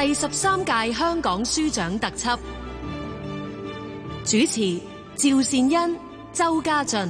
第十三屆香港書獎特輯，主持趙善恩、周家俊，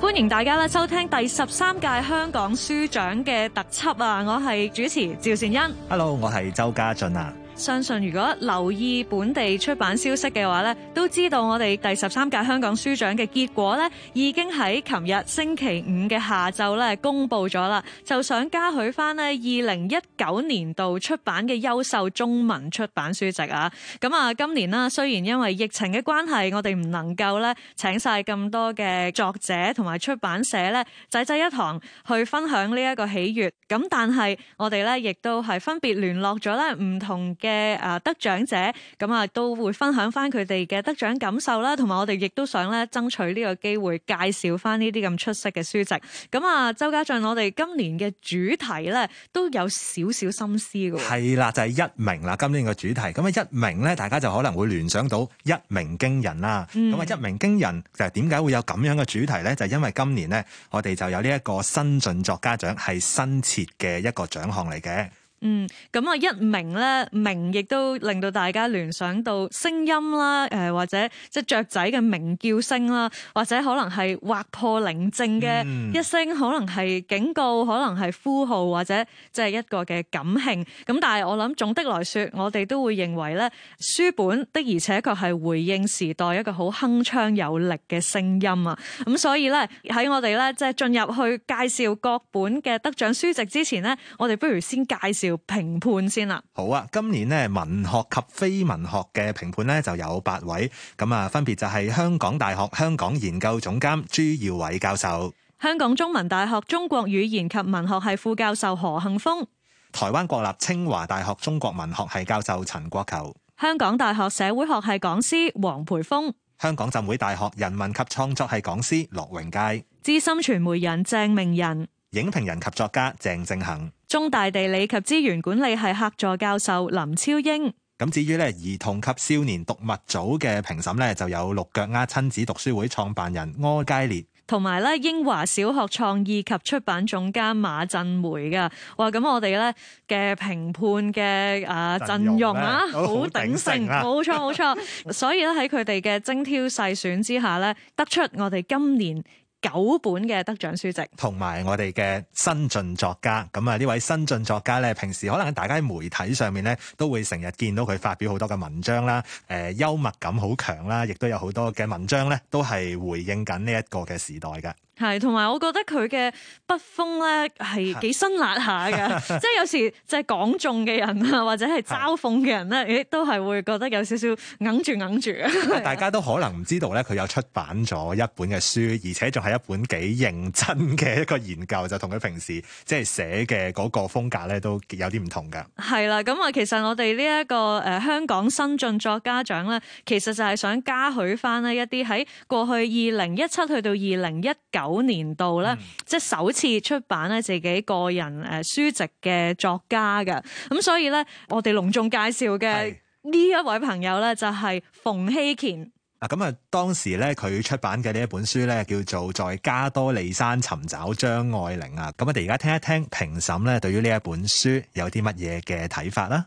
歡迎大家咧收聽第十三屆香港書獎嘅特輯啊！我係主持趙善恩，Hello，我係周家俊啊。相信如果留意本地出版消息嘅話咧，都知道我哋第十三屆香港書獎嘅結果咧，已經喺琴日星期五嘅下晝咧公布咗啦。就想加許翻咧，二零一九年度出版嘅優秀中文出版書籍啊！咁啊，今年啦，雖然因為疫情嘅關係，我哋唔能夠咧請晒咁多嘅作者同埋出版社咧仔仔一堂去分享呢一個喜悦，咁但係我哋咧亦都係分別聯絡咗咧唔同嘅。嘅啊得獎者咁啊都會分享翻佢哋嘅得獎感受啦，同埋我哋亦都想咧爭取呢個機會介紹翻呢啲咁出色嘅書籍。咁啊，周家俊，我哋今年嘅主題咧都有少少心思嘅，係啦，就係、是、一鳴啦。今年嘅主題咁啊，一鳴咧，大家就可能會聯想到一鳴驚人啦。咁啊、嗯，一鳴驚人就係點解會有咁樣嘅主題咧？就係、因為今年呢，我哋就有呢一個新晉作家獎係新設嘅一個獎項嚟嘅。嗯，咁啊，一鳴咧鳴亦都令到大家聯想到聲音啦，誒、呃、或者即係雀仔嘅鳴叫聲啦，或者可能係劃破寧靜嘅一聲，嗯、可能係警告，可能係呼號，或者即係一個嘅感興。咁但係我諗，總的來說，我哋都會認為咧，書本的而且確係回應時代一個好鏗鏘有力嘅聲音啊。咁、嗯、所以咧，喺我哋咧即係進入去介紹各本嘅得獎書籍之前咧，我哋不如先介紹。要評判先啦。好啊，今年呢文學及非文學嘅評判呢，就有八位，咁啊分別就係香港大學香港研究總監朱耀偉教授、香港中文大學中國語言及文學系副教授何杏楓、台灣國立清華大學中國文學系教授陳國球、香港大學社會學系講師黃培峰、香港浸會大學人文及創作系講師駱頴佳，資深傳媒人鄭明仁。影評人及作家鄭正恒，中大地理及資源管理系客座教授林超英。咁至於咧，兒童及少年讀物組嘅評審咧，就有六腳丫親子讀書會創辦人柯佳烈，同埋咧英華小學創意及出版總監馬振梅噶。哇！咁我哋咧嘅評判嘅啊陣容啊，好鼎盛，冇錯冇錯。錯錯 所以咧喺佢哋嘅精挑細選之下咧，得出我哋今年。九本嘅得獎書籍，同埋我哋嘅新晉作家。咁啊，呢位新晉作家呢，平時可能大家喺媒體上面呢，都會成日見到佢發表好多嘅文章啦。誒、呃，幽默感好強啦，亦都有好多嘅文章呢，都係回應緊呢一個嘅時代嘅。係，同埋我覺得佢嘅筆風咧係幾辛辣下嘅， 即係有時即係講眾嘅人啊，或者係嘲諷嘅人咧， 都都係會覺得有少少硬住硬住嘅。大家都可能唔知道咧，佢有出版咗一本嘅書，而且仲係一本幾認真嘅一個研究，就同佢平時即係寫嘅嗰個風格咧都有啲唔同噶。係啦，咁啊，其實我哋呢一個誒香港新進作家獎咧，其實就係想嘉許返呢一啲喺過去二零一七去到二零一九。九年度咧，嗯、即係首次出版咧自己個人誒書籍嘅作家嘅，咁所以咧，我哋隆重介紹嘅呢一位朋友咧，就係馮希乾。啊，咁啊，當時咧佢出版嘅呢一本書咧，叫做《在加多利山尋找張愛玲》啊，咁我哋而家聽一聽評審咧，對於呢一本書有啲乜嘢嘅睇法啦。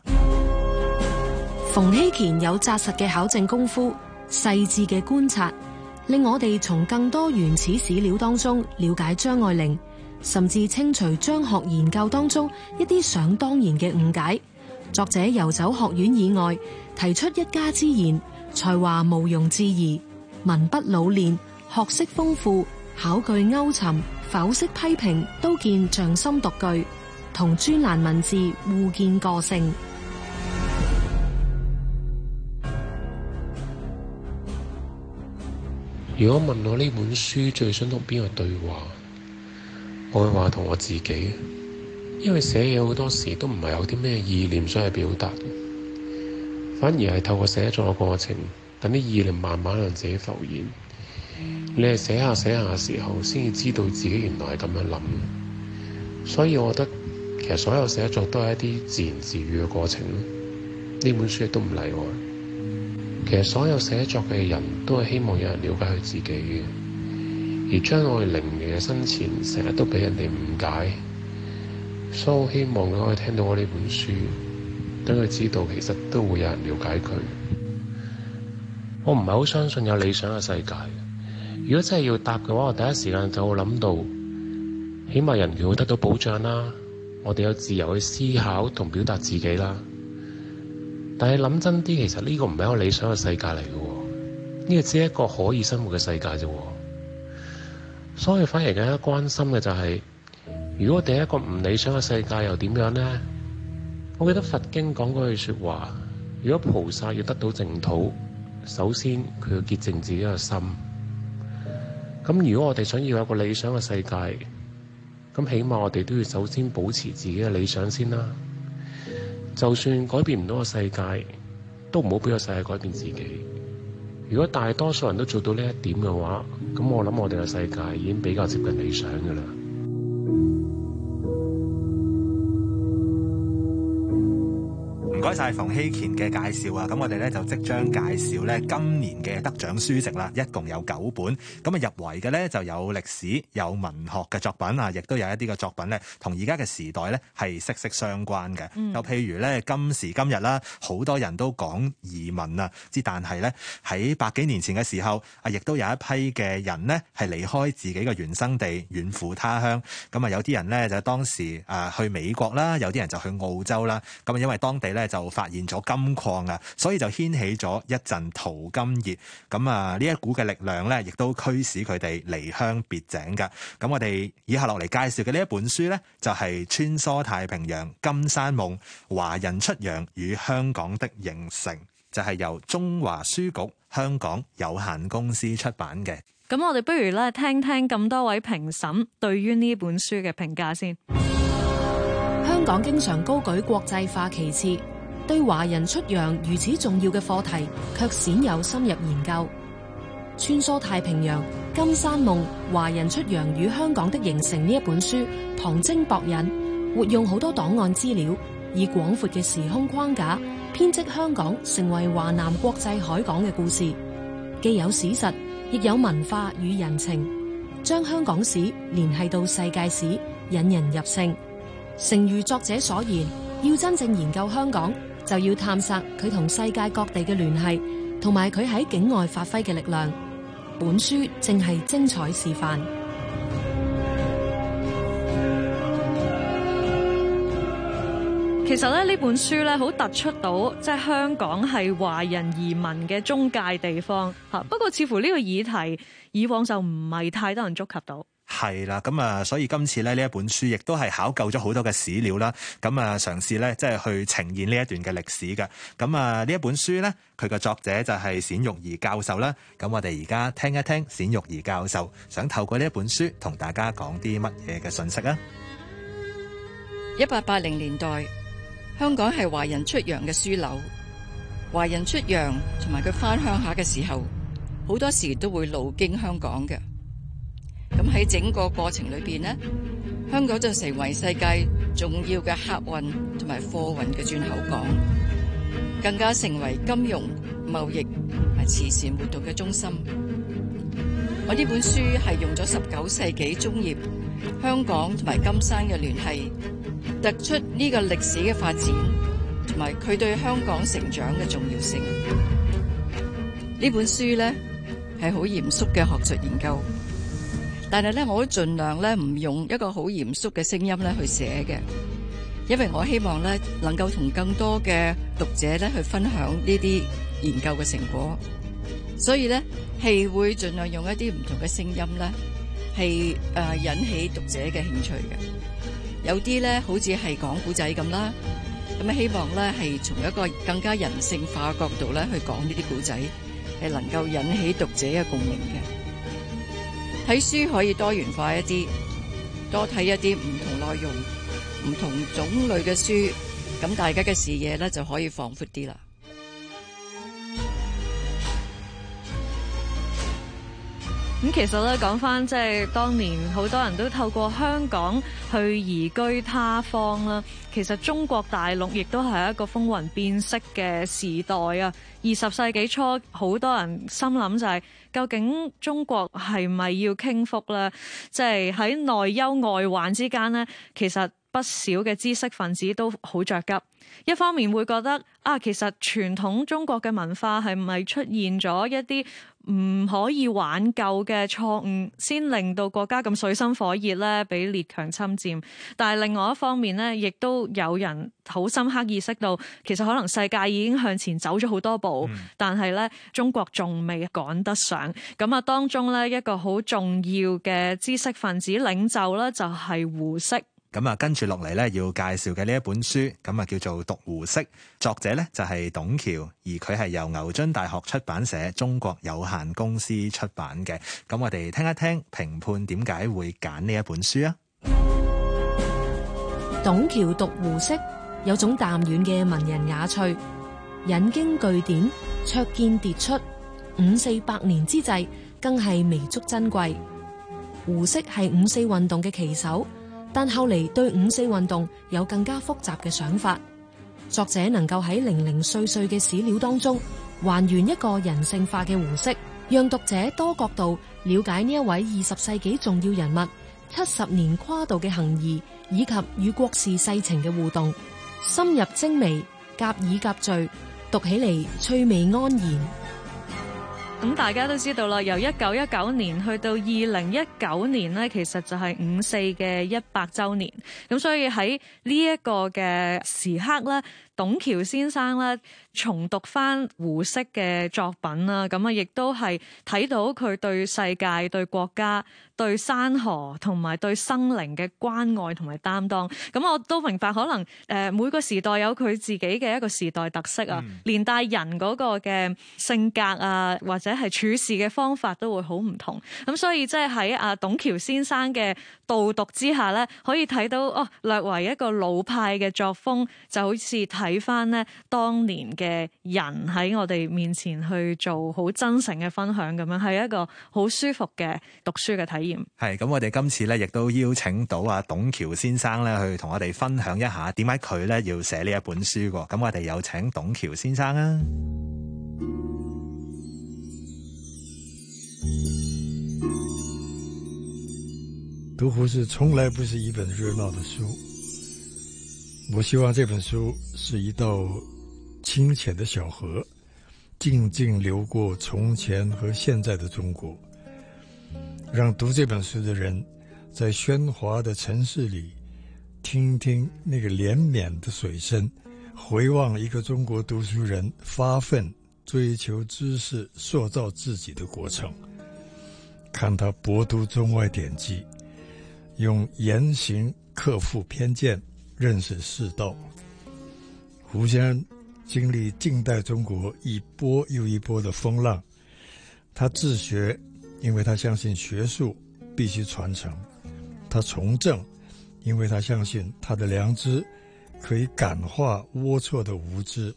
馮希乾有紮實嘅考證功夫，細緻嘅觀察。令我哋從更多原始史料當中了解張愛玲，甚至清除張學研究當中一啲想當然嘅誤解。作者游走學院以外，提出一家之言，才華毋庸置疑。文筆老練，學識豐富，考據勾沉，剖析批評都見匠心獨具，同專欄文字互見個性。如果問我呢本書最想同邊個對話，我會話同我自己，因為寫嘢好多時都唔係有啲咩意念想去表達，反而係透過寫作嘅過程，等啲意念慢慢讓自己浮現。你係寫下寫下嘅時候，先至知道自己原來係咁樣諗。所以我覺得其實所有寫作都係一啲自言自語嘅過程。呢本書亦都唔例外。其實所有寫作嘅人都係希望有人了解佢自己嘅，而張愛玲嘅生前成日都俾人哋誤解，所以我希望佢可以聽到我呢本書，等佢知道其實都會有人了解佢。我唔係好相信有理想嘅世界。如果真係要答嘅話，我第一時間就會諗到，起碼人權會得到保障啦，我哋有自由去思考同表達自己啦。但係諗真啲，其實呢個唔係一個理想嘅世界嚟嘅，哦，呢、這個只係一個可以生活嘅世界啫，哦。所以反而更加關心嘅就係、是，如果第一個唔理想嘅世界又點樣呢？我記得佛經講嗰句說話：如果菩薩要得到淨土，首先佢要潔淨自己嘅心。咁如果我哋想要有個理想嘅世界，咁起碼我哋都要首先保持自己嘅理想先啦。就算改變唔到個世界，都唔好俾個世界改變自己。如果大多數人都做到呢一點嘅話，咁我諗我哋嘅世界已經比較接近理想㗎喇。唔該曬馮希賢嘅介紹啊，咁我哋咧就即將介紹咧今年嘅得獎書籍啦，一共有九本。咁啊入圍嘅咧就有歷史、有文學嘅作品啊，亦都有一啲嘅作品咧，同而家嘅時代咧係息息相關嘅。又、嗯、譬如咧今時今日啦，好多人都講移民啊，之但係咧喺百幾年前嘅時候啊，亦都有一批嘅人呢係離開自己嘅原生地，遠赴他鄉。咁啊有啲人呢，就當時啊去美國啦，有啲人就去澳洲啦。咁因為當地咧，就發現咗金礦啊，所以就掀起咗一陣淘金熱。咁啊，呢一股嘅力量咧，亦都驅使佢哋離鄉別井嘅。咁我哋以下落嚟介紹嘅呢一本書咧，就係《穿梭太平洋：金山夢——華人出洋與香港的形成》，就係由中華書局香港有限公司出版嘅。咁我哋不如咧聽聽咁多位評審對於呢本書嘅評價先。香港經常高舉國際化旗幟。對華人出洋如此重要嘅課題，卻鮮有深入研究。穿梭太平洋、金山夢、華人出洋與香港的形成呢一本書，旁徵博引，活用好多檔案資料，以廣闊嘅時空框架，編織香港成為華南國際海港嘅故事。既有史實，亦有文化與人情，將香港史聯繫到世界史，引人入勝。誠如作者所言，要真正研究香港。就要探索佢同世界各地嘅聯繫，同埋佢喺境外發揮嘅力量。本書正係精彩示範。其實咧，呢本書咧好突出到，即係香港係華人移民嘅中介地方吓。不過似乎呢個議題以往就唔係太多人觸及到。係啦，咁啊，所以今次咧呢一,一本書，亦都係考究咗好多嘅史料啦，咁啊嘗試咧即係去呈現呢一段嘅歷史嘅。咁啊呢一本書呢，佢嘅作者就係冼玉儀教授啦。咁我哋而家聽一聽冼玉儀教授想透過呢一本書同大家講啲乜嘢嘅信息啊。一八八零年代，香港係華人出洋嘅樞紐，華人出洋同埋佢翻鄉下嘅時候，好多時都會路經香港嘅。咁喺整個過程裏邊呢，香港就成為世界重要嘅客運同埋貨運嘅轉口港，更加成為金融、貿易同埋慈善活動嘅中心。我呢本書係用咗十九世紀中葉香港同埋金山嘅聯繫，突出呢個歷史嘅發展同埋佢對香港成長嘅重要性。呢本書呢係好嚴肅嘅學術研究。但係咧，我都盡量咧唔用一個好嚴肅嘅聲音咧去寫嘅，因為我希望咧能夠同更多嘅讀者咧去分享呢啲研究嘅成果，所以咧係會盡量用一啲唔同嘅聲音咧係誒引起讀者嘅興趣嘅，有啲咧好似係講古仔咁啦，咁希望咧係從一個更加人性化角度咧去講呢啲古仔，係能夠引起讀者嘅共鳴嘅。睇書可以多元化一啲，多睇一啲唔同內容、唔同種類嘅書，咁大家嘅視野就可以放闊啲啦。咁其實咧，講翻即係當年好多人都透過香港去移居他方啦。其實中國大陸亦都係一個風雲變色嘅時代啊。二十世紀初，好多人心諗，就係究竟中國係咪要傾覆咧？即係喺內憂外患之間咧，其實不少嘅知識分子都好着急。一方面會覺得啊，其實傳統中國嘅文化係咪出現咗一啲？唔可以挽救嘅錯誤，先令到國家咁水深火熱咧，俾列強侵佔。但係另外一方面呢，亦都有人好深刻意識到，其實可能世界已經向前走咗好多步，嗯、但係咧中國仲未趕得上。咁啊，當中呢一個好重要嘅知識分子領袖咧，就係胡適。咁啊，跟住落嚟咧，要介紹嘅呢一本書，咁啊叫做《讀胡適》，作者咧就係董橋，而佢係由牛津大學出版社中國有限公司出版嘅。咁我哋聽一聽評判點解會揀呢一本書啊？董橋讀胡適，有種淡遠嘅文人雅趣，引經據典，卓見迭出。五四百年之際，更係彌足珍貴。胡適係五四運動嘅旗手。但後嚟對五四運動有更加複雜嘅想法。作者能夠喺零零碎碎嘅史料當中，還原一個人性化嘅胡適，讓讀者多角度了解呢一位二十世紀重要人物七十年跨度嘅行誼，以及與國事世情嘅互動，深入精微，夾議夾敘，讀起嚟趣味盎然。咁大家都知道啦，由一九一九年去到二零一九年呢，其實就係五四嘅一百周年。咁所以喺呢一個嘅時刻呢，董橋先生呢。重讀翻胡適嘅作品啦，咁啊，亦都係睇到佢對世界、對國家、對山河同埋對生靈嘅關愛同埋擔當。咁我都明白，可能誒每個時代有佢自己嘅一個時代特色啊，嗯、連帶人嗰個嘅性格啊，或者係處事嘅方法都會好唔同。咁所以即係喺阿董橋先生嘅導讀之下咧，可以睇到哦，略為一個老派嘅作風，就好似睇翻呢當年嘅。嘅人喺我哋面前去做好真誠嘅分享，咁樣係一個好舒服嘅讀書嘅體驗。係咁，我哋今次呢亦都邀請到阿董橋先生呢去同我哋分享一下點解佢呢要寫呢一本書。咁我哋有請董橋先生啊。讀胡適從來不是一本熱鬧的書，我希望這本書是一道。清淺的小河，靜靜流過從前和現在的中國，讓讀這本書的人，在喧嘩的城市裏，聽聽那個連綿的水聲，回望一個中國讀書人發奮追求知識、塑造自己的過程，看他博讀中外典籍，用言行克服偏見，認識世道。胡先生。經歷近代中國一波又一波的風浪，他自學，因為他相信學術必須傳承；他從政，因為他相信他的良知可以感化齷齪的無知。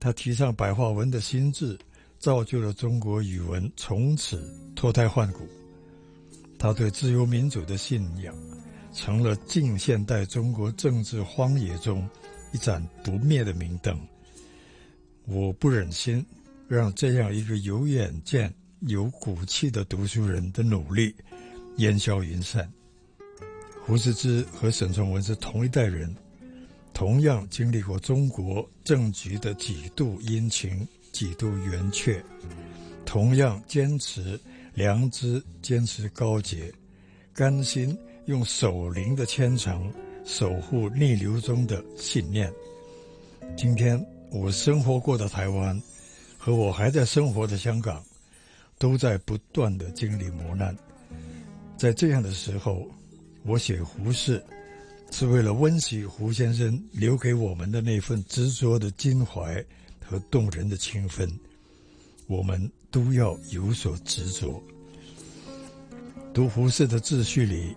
他提倡白話文的心智，造就了中國語文從此脫胎換骨。他對自由民主的信仰，成了近現代中國政治荒野中。一盞不滅的明燈，我不忍心讓這樣一個有遠見、有骨氣的讀書人的努力煙消雲散。胡適之和沈從文是同一代人，同樣經歷過中國政局的幾度陰晴、幾度圓缺，同樣堅持良知、堅持高潔，甘心用守靈的虔誠。守護逆流中的信念。今天我生活過的台灣，和我還在生活的香港，都在不斷的經歷磨難。在這樣的時候，我寫胡適，是為了溫習胡先生留給我們的那份執着的襟懷和動人的情分。我們都要有所執着。讀胡適的自序裏。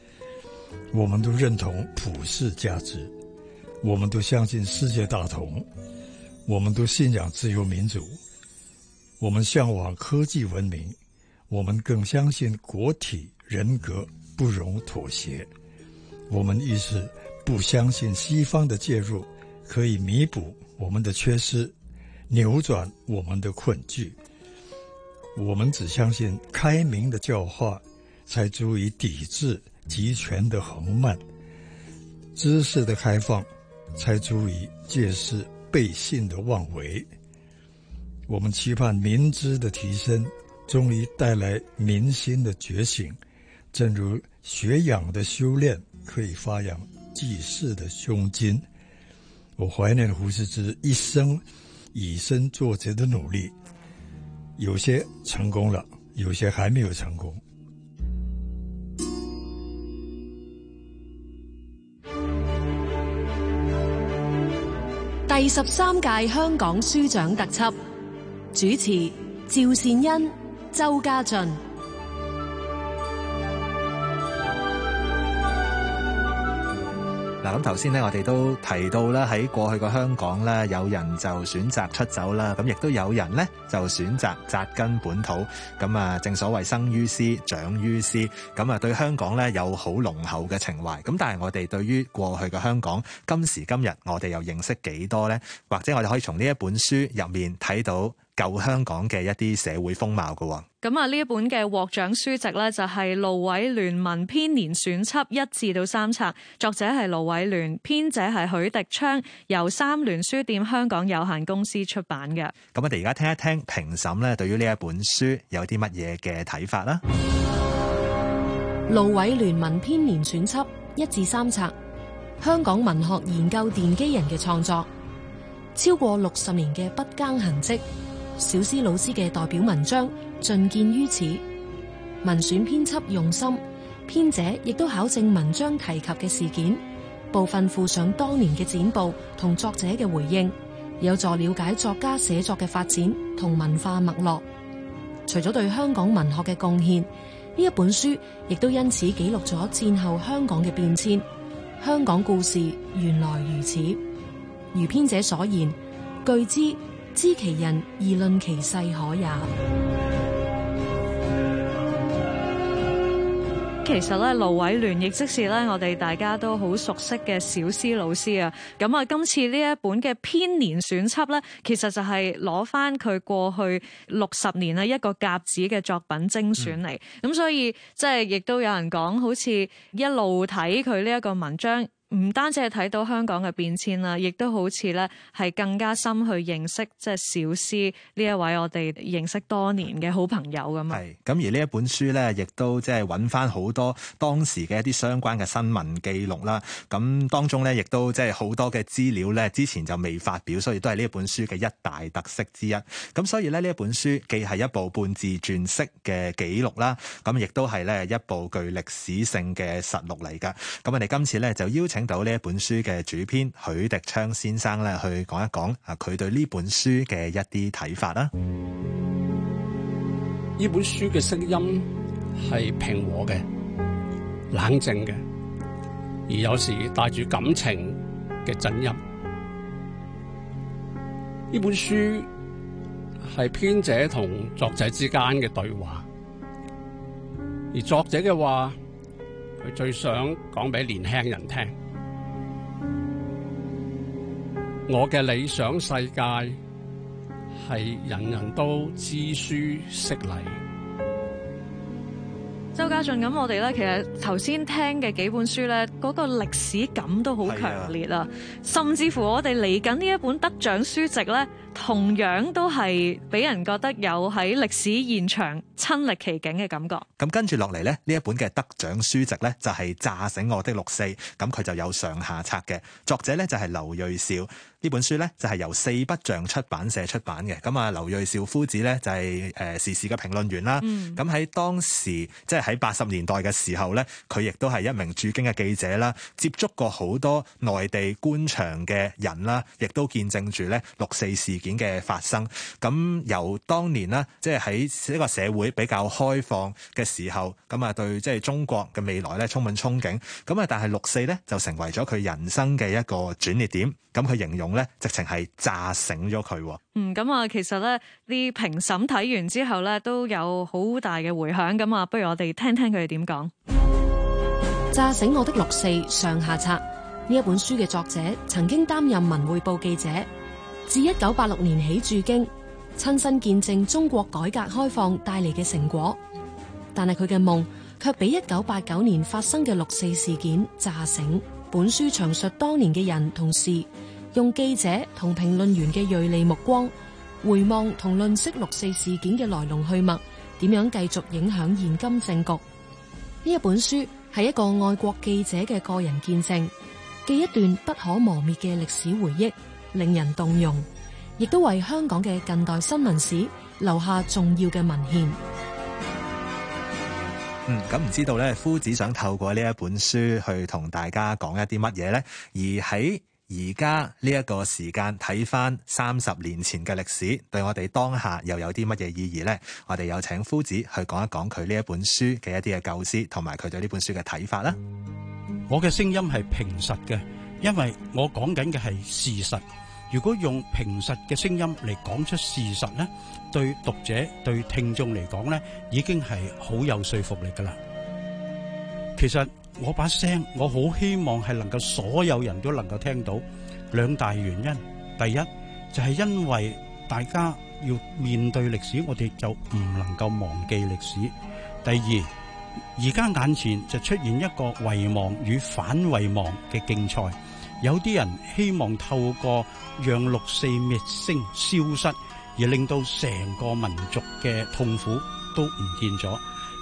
我們都認同普世價值，我們都相信世界大同，我們都信仰自由民主，我們嚮往科技文明，我們更相信國體人格不容妥協。我們亦是不相信西方的介入可以彌補我們的缺失，扭轉我們的困局。我們只相信開明的教化，才足以抵制。集權的橫蠻，知識的開放，才足以戒止背信的妄為。我們期盼民知的提升，終於帶來民心的覺醒。正如學養的修煉，可以發揚濟世的胸襟。我懷念胡適之一生以身作則的努力，有些成功了，有些還沒有成功。第十三屆香港書獎特輯主持：趙善恩、周家俊。嗱，咁頭先咧，我哋都提到啦，喺過去個香港啦，有人就選擇出走啦，咁亦都有人咧就選擇紮根本土。咁啊，正所謂生於斯，長於斯，咁啊，對香港咧有好濃厚嘅情懷。咁但係我哋對於過去嘅香港，今時今日我哋又認識幾多呢？或者我哋可以從呢一本書入面睇到，舊香港嘅一啲社會風貌嘅、哦，咁啊呢一本嘅獲獎書籍呢、就是，就係《盧瑋鑾文編年選輯》一至到三冊，作者係盧瑋鑾，編者係許迪昌，由三聯書店香港有限公司出版嘅。咁我哋而家聽一聽評審呢對於呢一本書有啲乜嘢嘅睇法啦？《盧瑋鑾文編年選輯》一至三冊，香港文學研究奠基人嘅創作，超過六十年嘅不耕行迹。小思老師嘅代表文章盡見於此，文選編輯用心，編者亦都考證文章提及嘅事件，部分附上當年嘅剪報同作者嘅回應，有助了解作家寫作嘅發展同文化脈絡。除咗對香港文學嘅貢獻，呢一本書亦都因此記錄咗戰後香港嘅變遷。香港故事原來如此，如編者所言，據知。知其人而論其世可也。其實咧，盧瑋鑾亦即是咧，我哋大家都好熟悉嘅小思老師啊。咁啊，今次呢一本嘅編年選輯咧，其實就係攞翻佢過去六十年咧一個甲子嘅作品精選嚟。咁、嗯、所以即係亦都有人講，好似一路睇佢呢一個文章。唔單止係睇到香港嘅變遷啦，亦都好似咧係更加深去認識即係小思呢一位我哋認識多年嘅好朋友咁樣，係咁，而呢一本書咧，亦都即係揾翻好多當時嘅一啲相關嘅新聞記錄啦。咁當中咧，亦都即係好多嘅資料咧，之前就未發表，所以都係呢一本書嘅一大特色之一。咁所以咧，呢一本書既係一部半自傳式嘅記錄啦，咁亦都係咧一部具歷史性嘅實錄嚟㗎。咁我哋今次咧就邀請。聽到呢一本書嘅主編許迪昌先生咧，去講一講啊，佢對呢本書嘅一啲睇法啦。呢本書嘅聲音係平和嘅、冷靜嘅，而有時帶住感情嘅震音。呢本書係編者同作者之間嘅對話，而作者嘅話，佢最想講俾年輕人聽。我嘅理想世界係人人都知書識禮。周家俊，咁我哋咧，其實頭先聽嘅幾本書咧，嗰個歷史感都好強烈啦，的甚至乎我哋嚟緊呢一本得獎書籍咧。同樣都係俾人覺得有喺歷史現場親歷其境嘅感覺。咁跟住落嚟呢，呢一本嘅得獎書籍呢，就係、是《炸醒我的六四》，咁佢就有上下冊嘅。作者呢，就係劉瑞兆。呢本書呢，就係由四不像出版社出版嘅。咁啊，劉瑞兆夫子呢、嗯，就係誒時事嘅評論員啦。咁喺當時即係喺八十年代嘅時候呢，佢亦都係一名駐京嘅記者啦，接觸過好多內地官場嘅人啦，亦都見證住呢六四事。件嘅發生，咁由當年咧，即係喺一個社會比較開放嘅時候，咁啊對，即係中國嘅未來咧充滿憧憬，咁啊但係六四咧就成為咗佢人生嘅一個轉捩點，咁佢形容咧直情係炸醒咗佢。嗯，咁啊其實呢呢評審睇完之後咧都有好大嘅回響，咁啊不如我哋聽聽佢哋點講。炸醒我的六四上下冊呢一本書嘅作者曾經擔任文匯報記者。自一九八六年起駐京，親身見證中國改革開放帶嚟嘅成果，但係佢嘅夢卻俾一九八九年發生嘅六四事件炸醒。本書詳述當年嘅人同事，用記者同評論員嘅銳利目光，回望同論析六四事件嘅來龍去脈，點樣繼續影響現今政局。呢一本書係一個愛國記者嘅個人見證，記一段不可磨滅嘅歷史回憶。令人動容，亦都為香港嘅近代新聞史留下重要嘅文獻。嗯，咁唔知道咧，夫子想透過呢一本書去同大家講一啲乜嘢呢？而喺而家呢一個時間睇返三十年前嘅歷史，對我哋當下又有啲乜嘢意義呢？我哋有請夫子去講一講佢呢一本書嘅一啲嘅構思，同埋佢對呢本書嘅睇法啦。我嘅聲音係平實嘅，因為我講緊嘅係事實。如果用平實嘅聲音嚟講出事實呢，對讀者、對聽眾嚟講呢，已經係好有說服力噶啦。其實我把聲，我好希望係能夠所有人都能夠聽到。兩大原因，第一就係因為大家要面對歷史，我哋就唔能夠忘記歷史。第二，而家眼前就出現一個遺忘與反遺忘嘅競賽。有啲人希望透過讓六四滅聲消失，而令到成個民族嘅痛苦都唔見咗。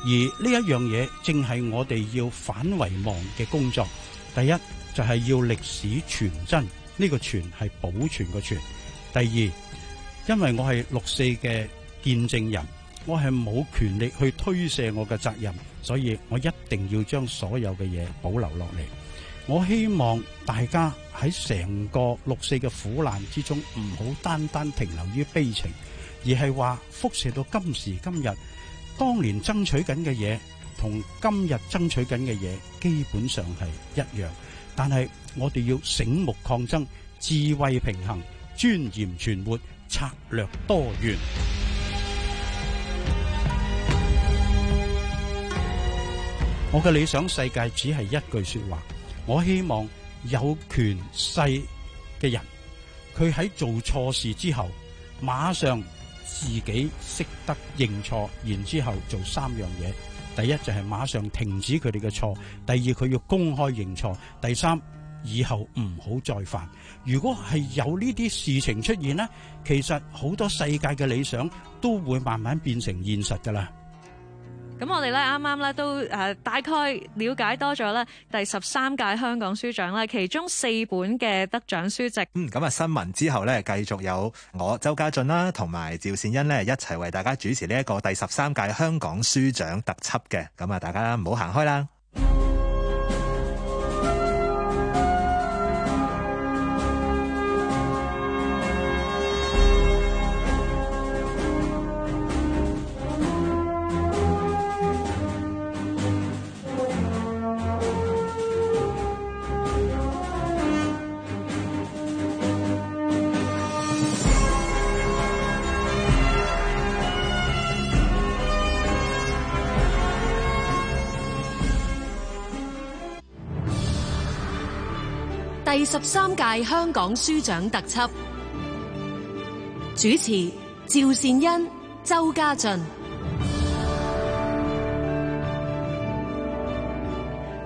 而呢一樣嘢正係我哋要反遺忘嘅工作。第一就係要歷史存真，呢個存係保存個存。第二，因為我係六四嘅見證人，我係冇權力去推卸我嘅責任，所以我一定要將所有嘅嘢保留落嚟。我希望大家喺成個六四嘅苦難之中，唔好單單停留於悲情，而係話輻射到今時今日。當年爭取緊嘅嘢，同今日爭取緊嘅嘢基本上係一樣，但係我哋要醒目抗爭，智慧平衡，尊嚴存活，策略多元。我嘅理想世界只係一句說話。我希望有權勢嘅人，佢喺做錯事之後，馬上自己識得認錯，然之後做三樣嘢。第一就係馬上停止佢哋嘅錯，第二佢要公開認錯，第三以後唔好再犯。如果係有呢啲事情出現咧，其實好多世界嘅理想都會慢慢變成現實噶啦。咁我哋咧啱啱咧都誒大概了解多咗咧第十三屆香港書獎啦，其中四本嘅得獎書籍。嗯，咁啊新聞之後咧，繼續有我周家俊啦，同埋趙善欣咧一齊為大家主持呢一個第十三屆香港書獎特輯嘅。咁啊，大家唔好行開啦。第十三屆香港書獎特輯主持趙善恩、周家俊，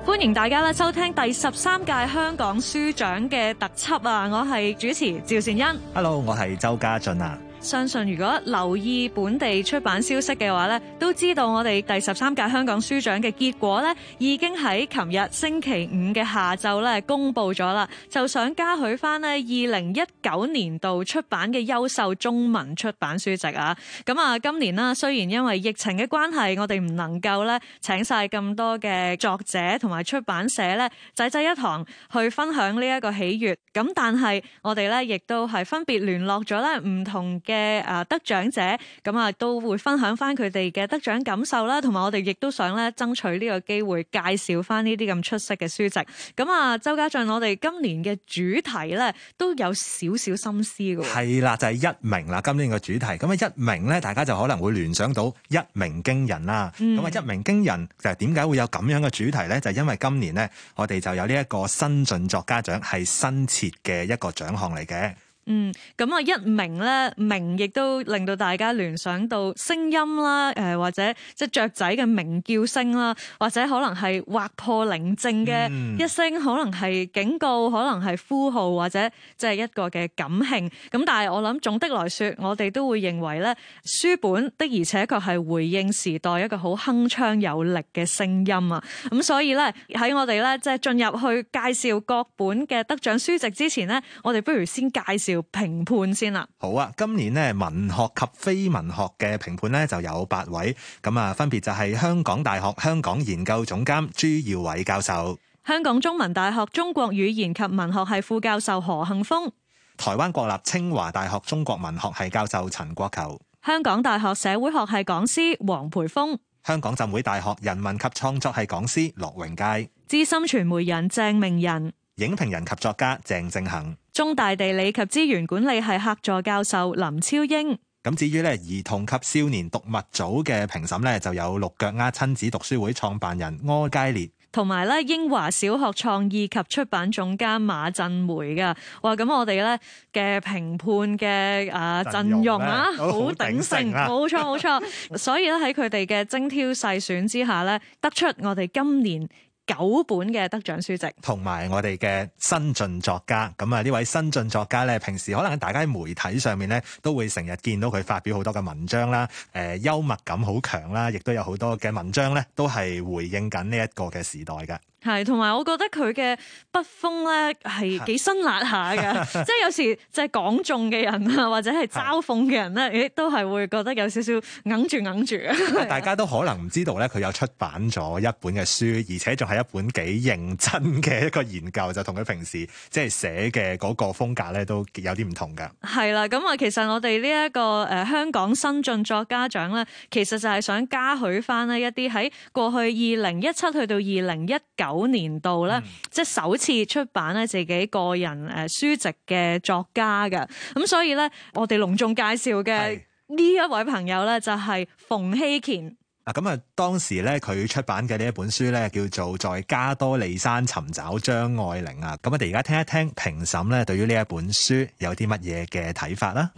歡迎大家咧收聽第十三屆香港書獎嘅特輯啊！我係主持趙善恩，Hello，我係周家俊啊。相信如果留意本地出版消息嘅話咧，都知道我哋第十三屆香港書獎嘅結果咧，已經喺琴日星期五嘅下晝咧公布咗啦。就想嘉許返咧，二零一九年度出版嘅優秀中文出版書籍啊！咁啊，今年啦，雖然因為疫情嘅關係，我哋唔能夠咧請晒咁多嘅作者同埋出版社咧濟濟一堂去分享呢一個喜悦，咁但係我哋咧亦都係分別聯絡咗咧唔同嘅。嘅啊得獎者咁啊都會分享翻佢哋嘅得獎感受啦，同埋我哋亦都想咧爭取呢個機會介紹翻呢啲咁出色嘅書籍。咁啊，周家俊，我哋今年嘅主題咧都有少少心思嘅。係啦，就係、是、一鳴啦，今年嘅主題。咁啊，一鳴咧，大家就可能會聯想到一鳴驚人啦。咁啊、嗯，一鳴驚人就係點解會有咁樣嘅主題咧？就是、因為今年呢，我哋就有呢一個新晉作家獎係新設嘅一個獎項嚟嘅。嗯，咁啊，一鳴咧鳴，亦都令到大家聯想到聲音啦，誒、呃、或者即係雀仔嘅鳴叫聲啦，或者可能係劃破寧靜嘅一聲，嗯、可能係警告，可能係呼號，或者即係一個嘅感興。咁但係我諗，總的來說，我哋都會認為咧，書本的而且確係回應時代一個好鏗鏘有力嘅聲音啊。咁、嗯、所以咧，喺我哋咧即係進入去介紹各本嘅得獎書籍之前咧，我哋不如先介紹。要評判先啦。好啊，今年呢文學及非文學嘅評判呢就有八位，咁啊分別就係香港大學香港研究總監朱耀偉教授、香港中文大學中國語言及文學系副教授何杏楓、台灣國立清華大學中國文學系教授陳國球、香港大學社會學系講師黃培峰、香港浸會大學人文及創作系講師羅榮佳、資深傳媒人鄭明仁。影評人及作家鄭正恒，中大地理及資源管理系客座教授林超英。咁至於咧，兒童及少年讀物組嘅評審咧，就有六腳丫親子讀書會創辦人柯佳烈，同埋咧英華小學創意及出版總監馬振梅噶。哇！咁我哋咧嘅評判嘅啊陣容啊，好鼎盛，冇錯冇錯。錯錯 所以咧喺佢哋嘅精挑細選之下咧，得出我哋今年，九本嘅得獎書籍，同埋我哋嘅新晉作家。咁啊，呢位新晉作家呢，平時可能大家喺媒體上面呢，都會成日見到佢發表好多嘅文章啦。誒、呃，幽默感好強啦，亦都有好多嘅文章呢，都係回應緊呢一個嘅時代嘅。係，同埋我覺得佢嘅筆風咧係幾辛辣下㗎， 即係有時即係、就係、講眾嘅人啊，或者係嘲諷嘅人咧， 都係會覺得有少少揞住揞住嘅。大家都可能唔知道咧，佢有出版咗一本嘅書，而且仲係一本幾認真嘅一個研究，就同佢平時即係寫嘅嗰個風格咧都有啲唔同噶。係啦，咁啊，其實我哋呢一個誒香港新進作家獎咧，其實就係想嘉許翻呢一啲喺過去二零一七去到二零一九，九年度咧，嗯、即係首次出版咧自己個人誒書籍嘅作家嘅。咁所以咧，我哋隆重介紹嘅呢一位朋友咧，就係馮睎乾。啊、嗯，咁、嗯、啊，當時咧佢出版嘅呢一本書咧，叫做《在加多利山尋找張愛玲》啊，咁我哋而家聽一聽評審咧，對於呢一本書有啲乜嘢嘅睇法啦。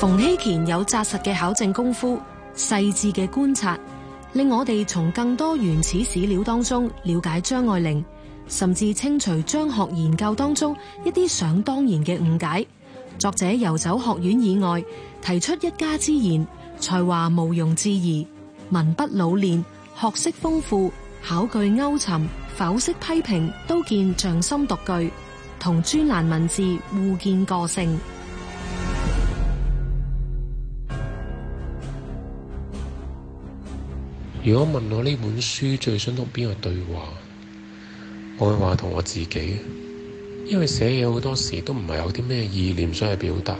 馮睎乾有紮實嘅考證功夫，細緻嘅觀察。令我哋從更多原始史料當中了解張愛玲，甚至清除張學研究當中一啲想當然嘅誤解。作者遊走學院以外，提出一家之言，才華毋庸置疑。文筆老練，學識豐富，考據勾沉，剖析批評，都見匠心獨具，同專欄文字互見個性。如果問我呢本書最想同邊個對話，我會話同我自己，因為寫嘢好多時都唔係有啲咩意念想去表達，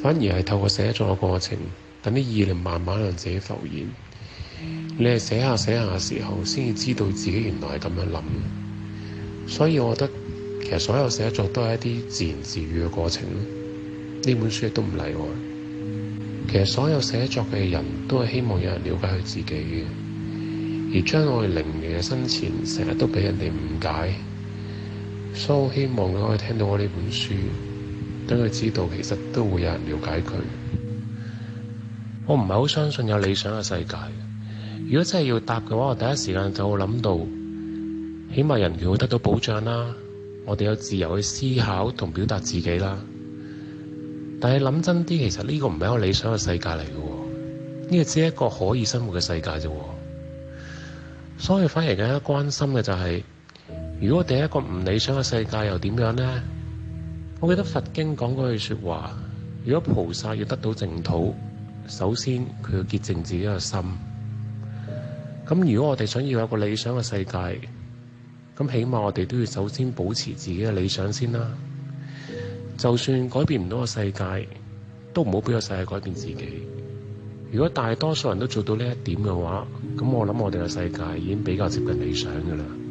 反而係透過寫作嘅過程，等啲意念慢慢讓自己浮現。你係寫下寫下嘅時候，先至知道自己原來係咁樣諗。所以我覺得其實所有寫作都係一啲自言自語嘅過程。呢本書亦都唔例外。其實所有寫作嘅人都係希望有人了解佢自己嘅，而張愛玲嘅生前成日都俾人哋誤解，所以我希望佢可以聽到我呢本書，等佢知道其實都會有人了解佢。我唔係好相信有理想嘅世界。如果真係要答嘅話，我第一時間就會諗到，起碼人權會得到保障啦，我哋有自由去思考同表達自己啦。但係諗真啲，其實呢個唔係一個理想嘅世界嚟嘅。哦，呢、呢個只係一個可以生活嘅世界啫，哦。所以反而更加關心嘅就係、是，如果第一個唔理想嘅世界又點樣呢？我記得佛經講嗰句說話：如果菩薩要得到淨土，首先佢要潔淨自己嘅心。咁如果我哋想要有個理想嘅世界，咁起碼我哋都要首先保持自己嘅理想先啦。就算改變唔到個世界，都唔好俾個世界改變自己。如果大多數人都做到呢一點嘅話，咁我諗我哋嘅世界已經比較接近理想㗎喇。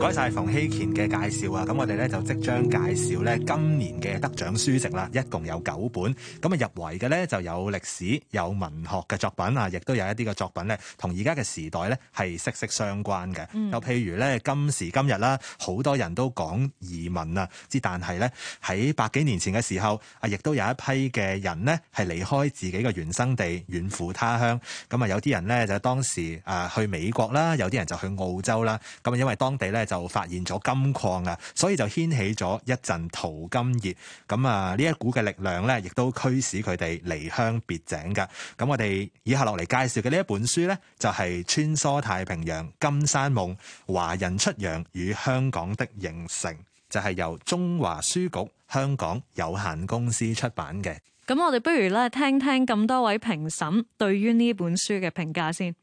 唔該曬馮希賢嘅介紹啊，咁我哋咧就即將介紹咧今年嘅得獎書籍啦，一共有九本。咁啊入圍嘅咧就有歷史、有文學嘅作品啊，亦都有一啲嘅作品咧，同而家嘅時代咧係息息相關嘅。又、嗯、譬如咧今時今日啦，好多人都講移民啊，之但係咧喺百幾年前嘅時候啊，亦都有一批嘅人呢係離開自己嘅原生地，遠赴他鄉。咁啊有啲人呢就當時啊去美國啦，有啲人就去澳洲啦。咁因為當地咧，就發現咗金礦啊，所以就掀起咗一陣淘金熱。咁啊，呢一股嘅力量咧，亦都驅使佢哋離鄉別井㗎。咁我哋以下落嚟介紹嘅呢一本書咧，就係《穿梭太平洋：金山夢——華人出洋與香港的形成》，就係由中華書局香港有限公司出版嘅。咁我哋不如咧聽聽咁多位評審對於呢本書嘅評價先。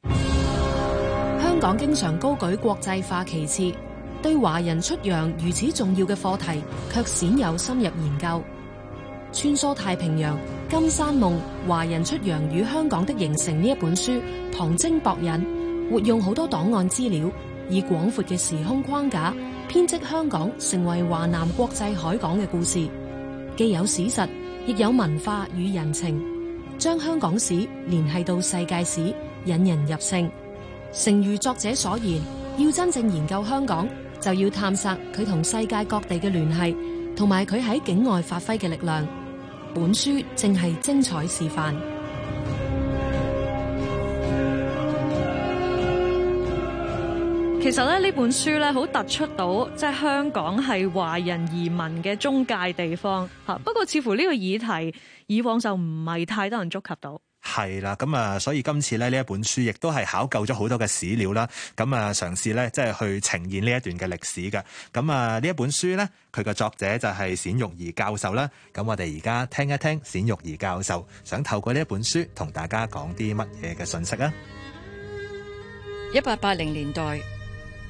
香港經常高舉國際化旗幟。對華人出洋如此重要嘅課題，卻鮮有深入研究。穿梭太平洋、金山夢、華人出洋與香港的形成呢一本書，旁徵博引，活用好多檔案資料，以廣闊嘅時空框架，編織香港成為華南國際海港嘅故事。既有史實，亦有文化與人情，將香港史聯繫到世界史，引人入勝。誠如作者所言，要真正研究香港，就要探索佢同世界各地嘅聯繫，同埋佢喺境外發揮嘅力量。本書正係精彩示範。其實咧，呢本書咧好突出到，即係香港係華人移民嘅中介地方吓，不過似乎呢個議題以往就唔係太多人觸及到。係啦，咁啊，所以今次咧呢一,一本書，亦都係考究咗好多嘅史料啦，咁啊嘗試咧即係去呈現呢一段嘅歷史嘅。咁啊呢一本書呢，佢嘅作者就係冼玉儀教授啦。咁我哋而家聽一聽冼玉儀教授想透過呢一本書同大家講啲乜嘢嘅信息啊。一八八零年代，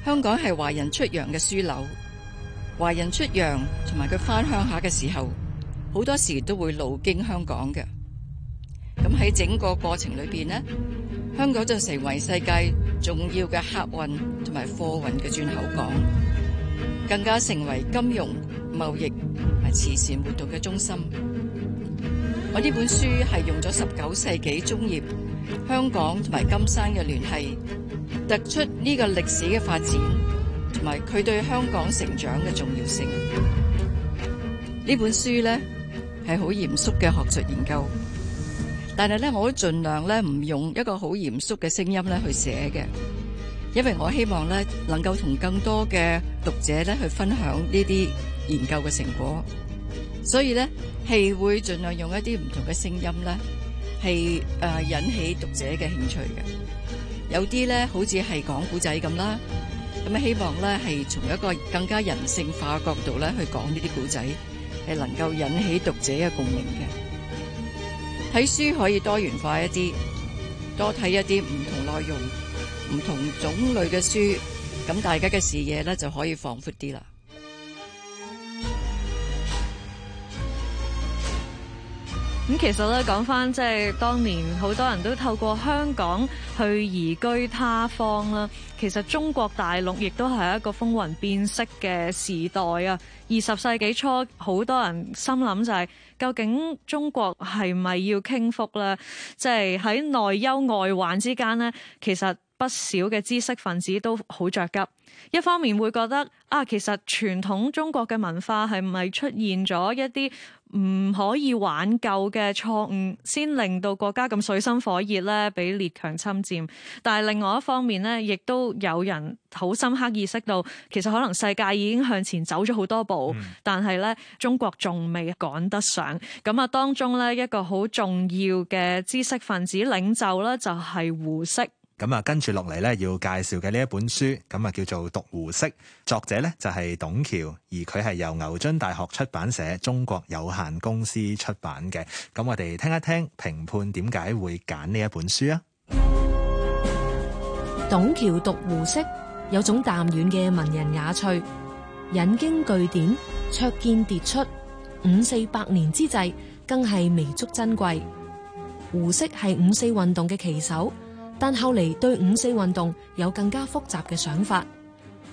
香港係華人出洋嘅樞紐。華人出洋同埋佢翻鄉下嘅時候，好多時都會路經香港嘅。咁喺整個過程裏邊呢，香港就成為世界重要嘅客運同埋貨運嘅轉口港，更加成為金融、貿易同埋慈善活動嘅中心。我呢本書係用咗十九世紀中葉香港同埋金山嘅聯繫，突出呢個歷史嘅發展同埋佢對香港成長嘅重要性。呢本書呢係好嚴肅嘅學術研究。但係咧，我都盡量咧唔用一個好嚴肅嘅聲音咧去寫嘅，因為我希望咧能夠同更多嘅讀者咧去分享呢啲研究嘅成果，所以咧係會盡量用一啲唔同嘅聲音咧係誒引起讀者嘅興趣嘅，有啲咧好似係講古仔咁啦，咁啊希望咧係從一個更加人性化角度咧去講呢啲古仔，係能夠引起讀者嘅共鳴嘅。睇書可以多元化一啲，多睇一啲唔同內容、唔同種類嘅書，咁大家嘅視野就可以放闊啲啦。咁其實咧，講翻即係當年好多人都透過香港去移居他方啦。其實中國大陸亦都係一個風雲變色嘅時代啊。二十世紀初，好多人心諗，就係究竟中國係咪要傾覆咧？即係喺內憂外患之間咧，其實不少嘅知識分子都好着急。一方面會覺得啊，其實傳統中國嘅文化係咪出現咗一啲？唔可以挽救嘅錯誤，先令到國家咁水深火熱咧，俾列強侵佔。但係另外一方面呢，亦都有人好深刻意識到，其實可能世界已經向前走咗好多步，嗯、但係咧中國仲未趕得上。咁啊，當中呢一個好重要嘅知識分子領袖咧，就係胡適。咁啊，跟住落嚟咧，要介紹嘅呢一本書，咁啊叫做《讀胡適》，作者咧就係董橋，而佢係由牛津大學出版社中國有限公司出版嘅。咁我哋聽一聽評判點解會揀呢一本書啊？董橋讀胡適，有種淡遠嘅文人雅趣，引經據典，卓見迭出。五四百年之際，更係彌足珍貴。胡適係五四運動嘅旗手。但後嚟對五四運動有更加複雜嘅想法。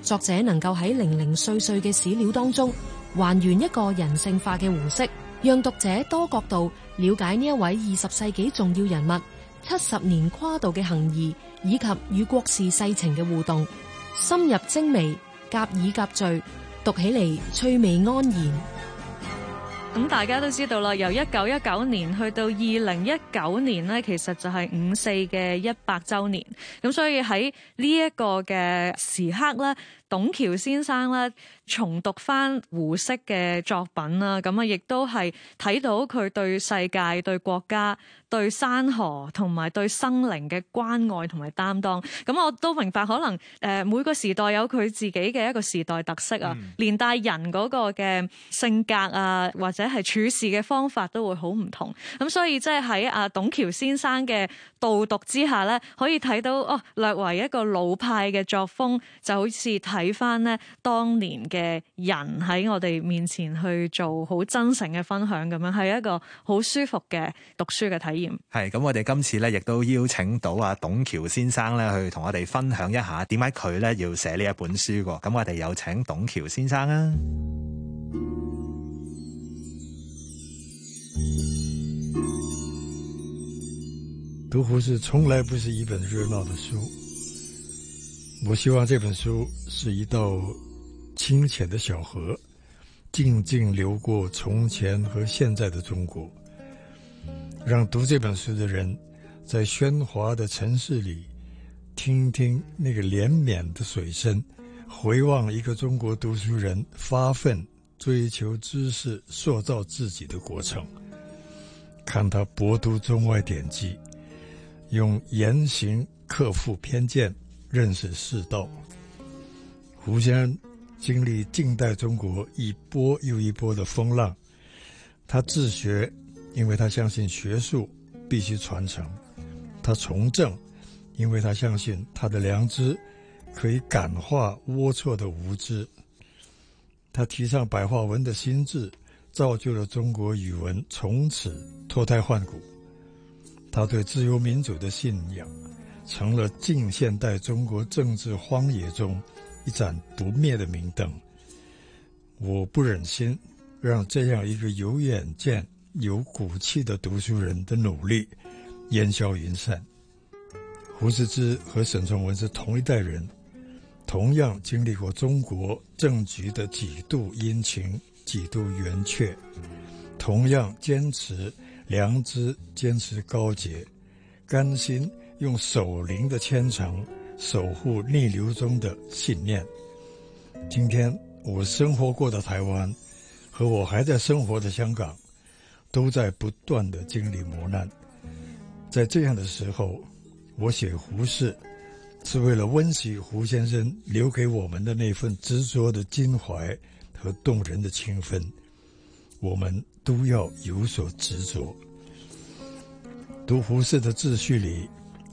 作者能夠喺零零碎碎嘅史料當中，還原一個人性化嘅胡適，讓讀者多角度了解呢一位二十世紀重要人物七十年跨度嘅行誼，以及與國事世情嘅互動，深入精微，夾議夾敘，讀起嚟趣味盎然。咁大家都知道啦，由一九一九年去到二零一九年呢，其實就係五四嘅一百周年。咁所以喺呢一個嘅時刻呢，董橋先生呢。重讀翻胡適嘅作品啦，咁啊，亦都係睇到佢對世界、對國家、對山河同埋對生靈嘅關愛同埋擔當。咁我都明白，可能誒每個時代有佢自己嘅一個時代特色啊，嗯、連帶人嗰個嘅性格啊，或者係處事嘅方法都會好唔同。咁所以即係喺阿董橋先生嘅導讀之下咧，可以睇到哦，略為一個老派嘅作風，就好似睇翻呢當年嘅。嘅人喺我哋面前去做好真誠嘅分享，咁樣係一個好舒服嘅讀書嘅體驗。係咁，我哋今次呢亦都邀請到阿董橋先生呢去同我哋分享一下點解佢呢要寫呢一本書。咁我哋有請董橋先生啊。讀胡適從來不是一本熱鬧的書，我希望這本書是一道。清淺的小河，靜靜流過從前和現在的中國，讓讀這本書的人，在喧嘩的城市裏，聽聽那個連綿的水聲，回望一個中國讀書人發奮追求知識、塑造自己的過程，看他博讀中外典籍，用言行克服偏見，認識世道。胡先經歷近代中國一波又一波的風浪，他自學，因為他相信學術必須傳承；他從政，因為他相信他的良知可以感化齷齪的無知。他提倡白話文的心智，造就了中國語文從此脫胎換骨。他對自由民主的信仰，成了近現代中國政治荒野中，一盞不滅的明燈，我不忍心讓這樣一個有遠見、有骨氣的讀書人的努力煙消雲散。胡適之和沈從文是同一代人，同樣經歷過中國政局的幾度陰晴、幾度圓缺，同樣堅持良知、堅持高潔，甘心用守靈的虔誠。守護逆流中的信念。今天我生活過的台灣，和我還在生活的香港，都在不斷的經歷磨難。在這樣的時候，我寫胡適，是為了溫習胡先生留給我們的那份執着的襟懷和動人的情分。我們都要有所執着。讀胡適的自序裏，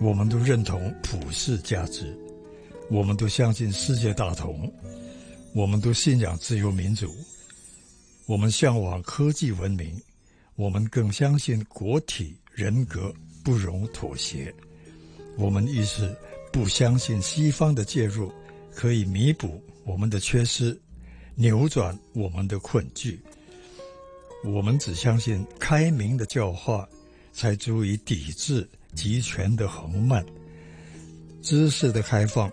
我們都認同普世價值，我們都相信世界大同，我們都信仰自由民主，我們向往科技文明，我們更相信國體人格不容妥協。我們亦是不相信西方的介入可以彌補我們的缺失，扭轉我們的困局。我們只相信開明的教化，才足以抵制。集權的橫蠻，知識的開放，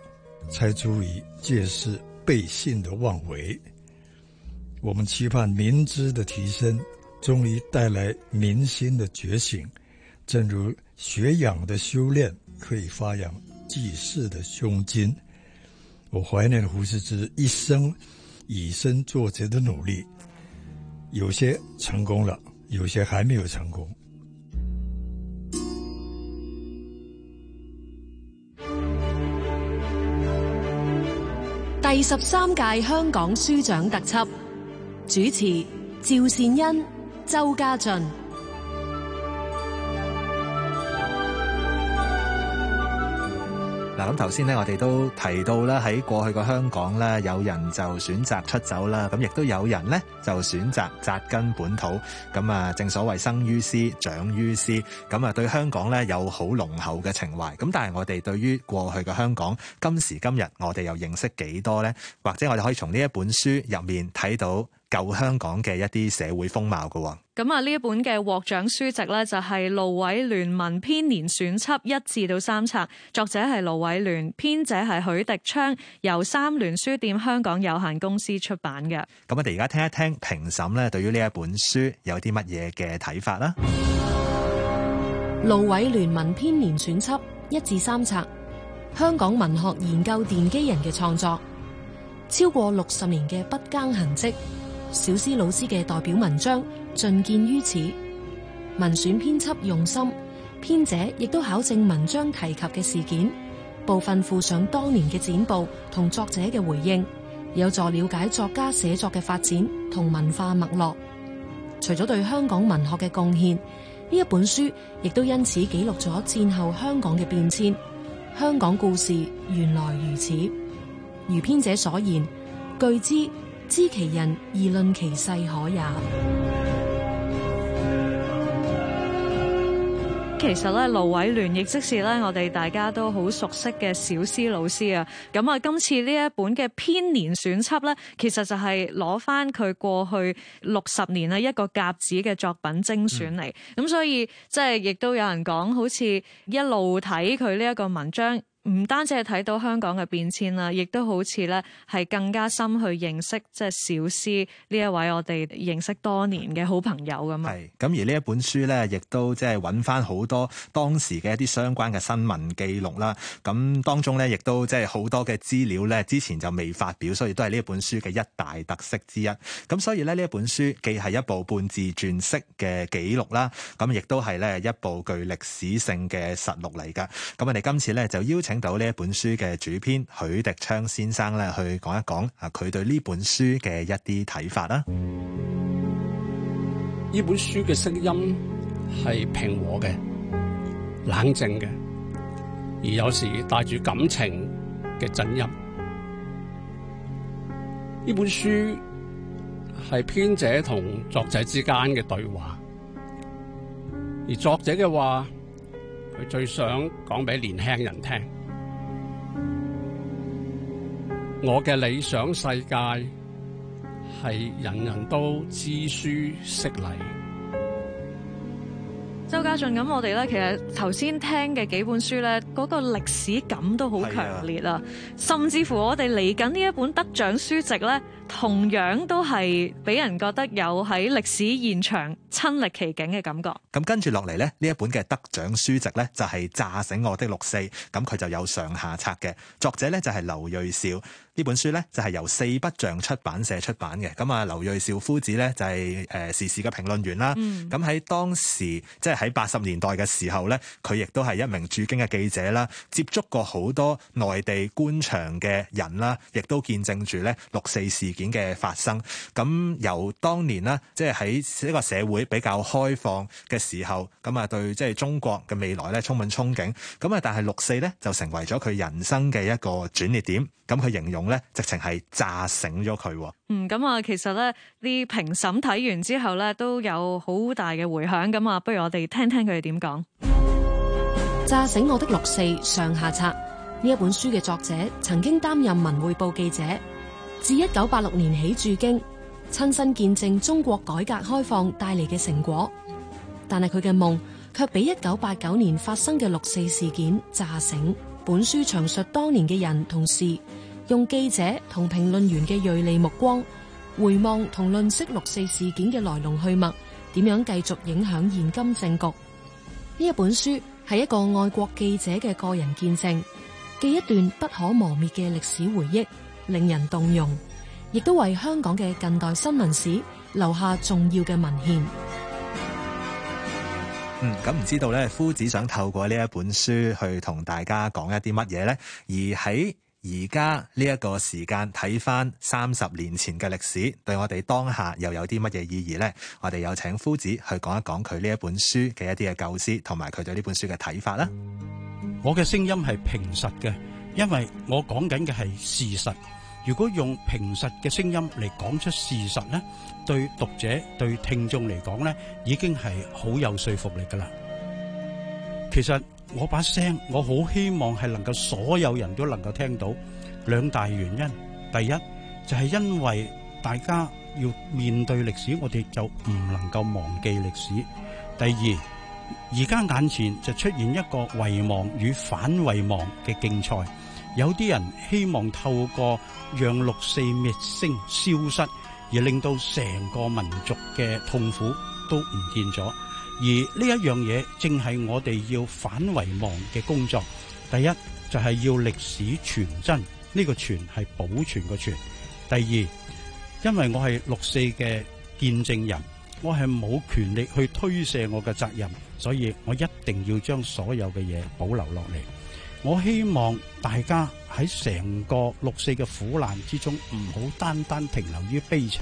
才足以戒止背信的妄為。我們期盼民知的提升，終於帶來民心的覺醒。正如學養的修煉，可以發揚濟世的胸襟。我懷念胡適之一生以身作則的努力，有些成功了，有些還沒有成功。第十三屆香港書獎特輯主持：趙善恩、周家俊。嗱咁頭先咧，我哋都提到啦，喺過去個香港啦，有人就選擇出走啦，咁亦都有人咧就選擇扎根本土。咁啊，正所謂生於斯，長於斯，咁啊對香港咧有好濃厚嘅情懷。咁但係我哋對於過去嘅香港，今時今日我哋又認識幾多呢？或者我哋可以從呢一本書入面睇到。舊香港嘅一啲社會風貌嘅，咁啊呢一本嘅獲獎書籍呢、就是，就係《盧瑋鑾文編年選輯》一至到三冊，作者係盧瑋鑾，編者係許迪鏘，由三聯書店香港有限公司出版嘅。咁我哋而家聽一聽評審呢對於呢一本書有啲乜嘢嘅睇法啦？《盧瑋鑾文編年選輯》一至三冊，香港文學研究奠基人嘅創作，超過六十年嘅不耕行跡。小思老師嘅代表文章盡見於此，文選編輯用心，編者亦都考證文章提及嘅事件，部分附上當年嘅展報同作者嘅回應，有助了解作家寫作嘅發展同文化脈絡。除咗對香港文學嘅貢獻，呢一本書亦都因此記錄咗戰後香港嘅變遷。香港故事原來如此，如編者所言，據知。知其人而論其世可也。其實咧，盧偉聯亦即是咧，我哋大家都好熟悉嘅小思老師啊。咁啊，今次呢一本嘅編年選輯咧，其實就係攞翻佢過去六十年啊，一個甲子嘅作品精選嚟。咁、嗯、所以即係亦都有人講，好似一路睇佢呢一個文章。唔單止係睇到香港嘅變遷啦，亦都好似咧係更加深去認識即係小思呢一位我哋認識多年嘅好朋友咁樣。係，咁而呢一本書咧，亦都即係揾翻好多當時嘅一啲相關嘅新聞記錄啦。咁當中咧，亦都即係好多嘅資料咧，之前就未發表，所以都係呢一本書嘅一大特色之一。咁所以咧，呢一本書既係一部半自傳式嘅記錄啦，咁亦都係咧一部具歷史性嘅實錄嚟㗎。咁我哋今次咧就邀請。聽到呢一本書嘅主編許迪昌先生咧，去講一講啊，佢對呢本書嘅一啲睇法啦。呢本書嘅聲音係平和嘅、冷靜嘅，而有時帶住感情嘅震音。呢本書係編者同作者之間嘅對話，而作者嘅話，佢最想講俾年輕人聽。我嘅理想世界係人人都知書識禮。周家俊，咁我哋咧，其實頭先聽嘅幾本書咧，嗰個歷史感都好強烈啦，的甚至乎我哋嚟緊呢一本得獎書籍咧。同樣都係俾人覺得有喺歷史現場親歷其境嘅感覺。咁跟住落嚟呢，呢一本嘅得獎書籍呢，就係、是《炸醒我的六四》。咁佢就有上下冊嘅作者呢，就係劉瑞兆。呢本書呢，就係由四不像出版社出版嘅。咁啊，劉瑞兆夫子呢、嗯，就係誒時事嘅評論員啦。咁喺當時即係喺八十年代嘅時候呢，佢亦都係一名駐京嘅記者啦，接觸過好多內地官場嘅人啦，亦都見證住呢六四事件嘅發生，咁由當年咧，即係喺一個社會比較開放嘅時候，咁啊對，即係中國嘅未來呢，充滿憧憬，咁啊但係六四呢就成為咗佢人生嘅一個轉折點，咁佢形容咧，直情係炸醒咗佢。嗯，咁啊其實呢，呢評審睇完之後呢，都有好大嘅回響，咁啊不如我哋聽聽佢哋點講。炸醒我的六四上下冊呢一本書嘅作者曾經擔任文匯報記者。自一九八六年起駐京，親身見證中國改革開放帶嚟嘅成果，但係佢嘅夢卻俾一九八九年發生嘅六四事件炸醒。本書詳述當年嘅人同事，用記者同評論員嘅銳利目光，回望同論析六四事件嘅來龍去脈，點樣繼續影響現今政局。呢一本書係一個愛國記者嘅個人見證，記一段不可磨滅嘅歷史回憶。令人動容，亦都為香港嘅近代新聞史留下重要嘅文獻。嗯，咁唔知道咧，夫子想透過呢一本書去同大家講一啲乜嘢呢？而喺而家呢一個時間睇返三十年前嘅歷史，對我哋當下又有啲乜嘢意義呢？我哋有請夫子去講一講佢呢一本書嘅一啲嘅構思，同埋佢對呢本書嘅睇法啦。我嘅聲音係平實嘅，因為我講緊嘅係事實。如果用平實嘅聲音嚟講出事實呢，對讀者、對聽眾嚟講呢，已經係好有說服力噶啦。其實我把聲，我好希望係能夠所有人都能夠聽到兩大原因。第一就係因為大家要面對歷史，我哋就唔能夠忘記歷史。第二，而家眼前就出現一個遺忘與反遺忘嘅競賽，有啲人希望透過。讓六四滅聲消失，而令到成個民族嘅痛苦都唔見咗。而呢一樣嘢正係我哋要反遺忘嘅工作。第一就係、是、要歷史存真，呢、這個存係保存個存。第二，因為我係六四嘅見證人，我係冇權力去推卸我嘅責任，所以我一定要將所有嘅嘢保留落嚟。我希望大家喺成個六四嘅苦難之中，唔好單單停留於悲情，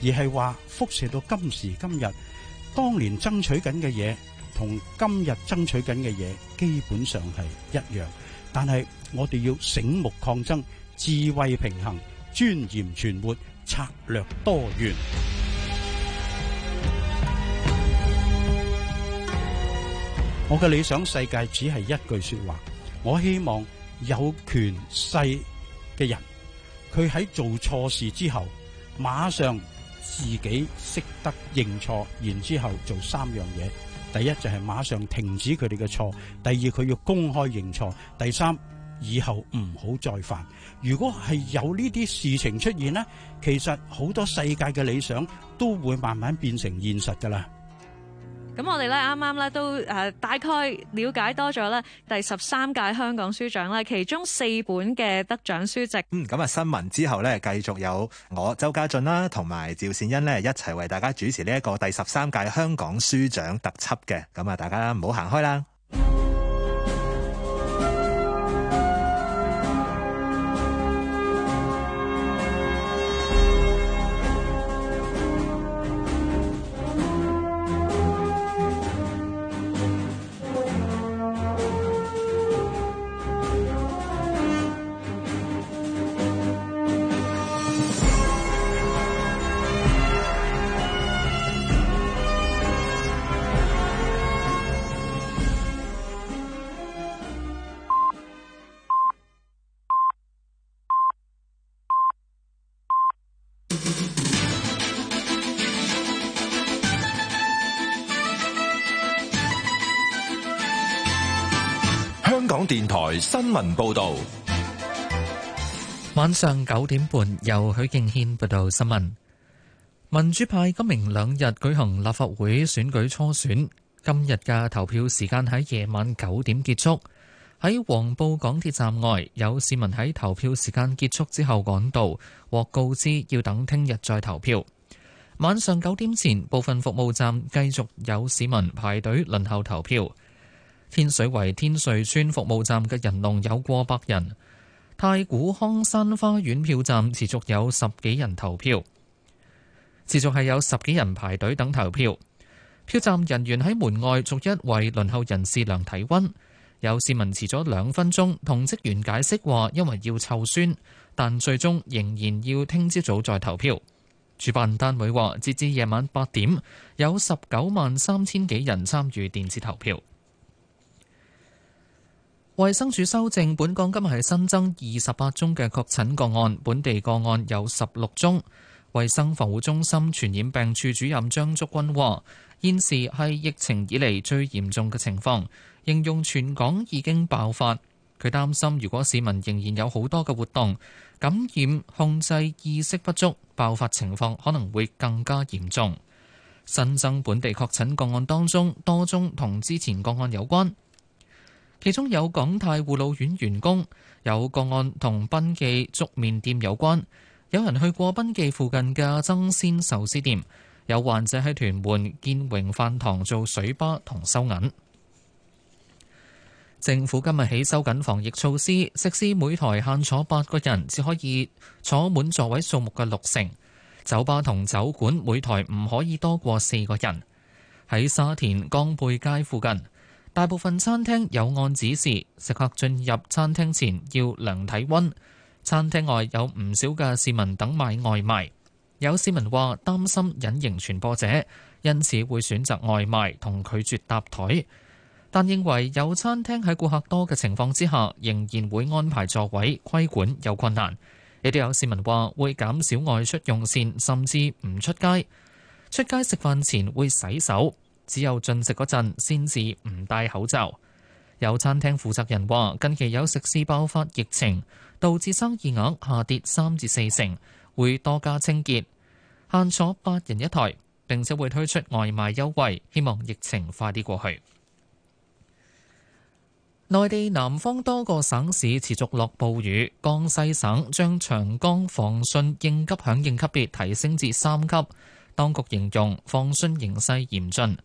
而係話輻射到今時今日。當年爭取緊嘅嘢，同今日爭取緊嘅嘢基本上係一樣，但係我哋要醒目抗爭，智慧平衡，尊嚴存活，策略多元。我嘅理想世界只係一句說話。我希望有權勢嘅人，佢喺做錯事之後，馬上自己識得認錯，然之後做三樣嘢。第一就係馬上停止佢哋嘅錯，第二佢要公開認錯，第三以後唔好再犯。如果係有呢啲事情出現咧，其實好多世界嘅理想都會慢慢變成現實噶啦。咁我哋咧啱啱咧都誒大概了解多咗咧第十三屆香港書獎啦，其中四本嘅得獎書籍。嗯，咁啊新聞之後咧，繼續有我周家俊啦，同埋趙善欣咧一齊為大家主持呢一個第十三屆香港書獎特輯嘅。咁啊，大家唔好行開啦。電台新聞報道，晚上九點半由許敬軒報道新聞。民主派今明兩日舉行立法會選舉初選，今日嘅投票時間喺夜晚九點結束。喺黃埔港鐵站外，有市民喺投票時間結束之後趕到，獲告知要等聽日再投票。晚上九點前，部分服務站繼續有市民排隊輪候投票。天水圍天瑞村服務站嘅人龍有過百人，太古康山花園票站持續有十幾人投票，持續係有十幾人排隊等投票。票站人員喺門外逐一為輪候人士量體溫，有市民遲咗兩分鐘，同職員解釋話，因為要湊酸，但最終仍然要聽朝早再投票。主辦單位話，截至夜晚八點，有十九萬三千幾人參與電子投票。衛生署修正，本港今日係新增二十八宗嘅確診個案，本地個案有十六宗。衛生防護中心傳染病處主任張竹君話，現時係疫情以嚟最嚴重嘅情況，形容全港已經爆發。佢擔心，如果市民仍然有好多嘅活動，感染控制意識不足，爆發情況可能會更加嚴重。新增本地確診個案當中，多宗同之前個案有關。其中有港泰護老院員工，有個案同賓記粥麵店有關，有人去過賓記附近嘅增鮮壽司店，有患者喺屯門建榮飯堂做水吧同收銀。政府今日起收緊防疫措施，食肆每台限坐八個人，只可以坐滿座位數目嘅六成；酒吧同酒館每台唔可以多過四個人。喺沙田江背街附近。大部分餐廳有按指示，食客進入餐廳前要量體温。餐廳外有唔少嘅市民等買外賣，有市民話擔心隱形傳播者，因此會選擇外賣同拒絕搭枱。但認為有餐廳喺顧客多嘅情況之下，仍然會安排座位規管有困難。亦都有市民話會減少外出用膳，甚至唔出街。出街食飯前會洗手。只有進食嗰陣先至唔戴口罩。有餐廳負責人話，近期有食肆爆發疫情，導致生意額下跌三至四成，會多加清潔，限坐八人一台，並且會推出外賣優惠，希望疫情快啲過去。內地南方多個省市持續落暴雨，江西省將長江防汛應急響應級別提升至三級，當局形容防汛形勢嚴峻。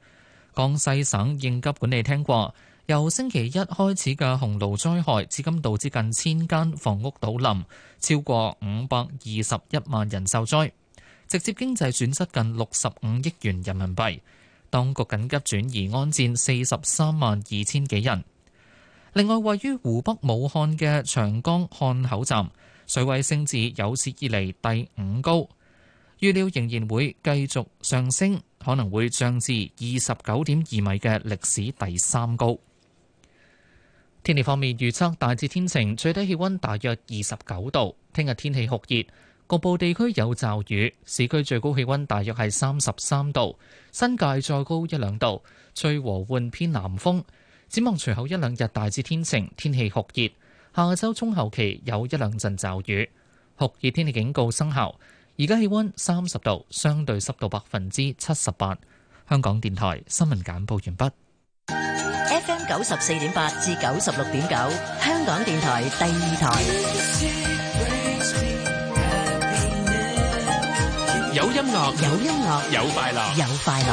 江西省應急管理廳話，由星期一開始嘅洪澇災害，至今導致近千間房屋倒冧，超過五百二十一萬人受災，直接經濟損失近六十五億元人民幣。當局緊急轉移安置四十三萬二千幾人。另外，位於湖北武漢嘅長江漢口站水位升至有史以嚟第五高，預料仍然會繼續上升。可能會漲至二十九點二米嘅歷史第三高。天氣方面預測大致天晴，最低氣温大約二十九度。聽日天氣酷熱，局部地區有驟雨。市區最高氣温大約係三十三度，新界再高一兩度。吹和緩偏南風。展望隨後一兩日大致天晴，天氣酷熱。下周中後期有一兩陣驟雨。酷熱天氣警告生效。而家氣温三十度，相對濕度百分之七十八。香港電台新聞簡報完畢。FM 九十四點八至九十六點九，香港電台第二台。有音樂，有音樂，有快樂，有快樂。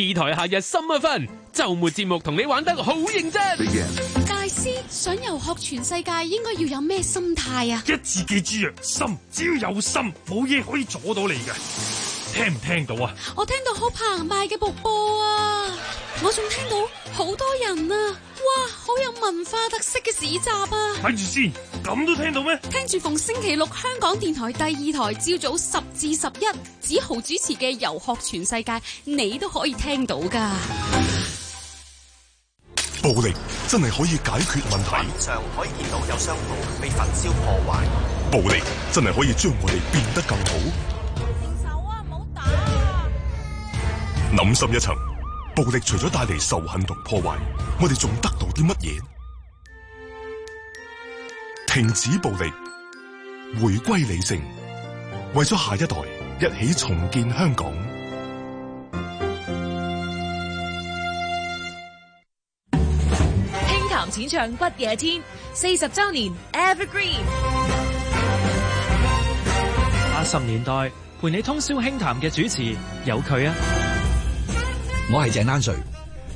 二台夏日心一分，周末節目同你玩得好認真。Yeah. 大師想遊學全世界，應該要有咩心態啊？一字記之曰，心，只要有心，冇嘢可以阻到你嘅。聽唔聽到啊？我聽到好澎湃嘅瀑布啊！我仲聽到好多人啊！哇，好有文化特色嘅市集啊！睇住先，咁都聽到咩？聽住逢星期六香港電台第二台，朝早十至十一，子豪主持嘅《遊學全世界》，你都可以聽到㗎。暴力真係可以解決問題？面上可以見到有商鋪被焚燒破壞。暴力真係可以將我哋變得更好？諗深一層，暴力除咗帶嚟仇恨同破壞，我哋仲得到啲乜嘢？停止暴力，回歸理性，為咗下一代，一起重建香港。輕談淺唱不夜天，四十周年 Evergreen。八十年代陪你通宵輕談嘅主持有佢啊！我係鄭丹瑞，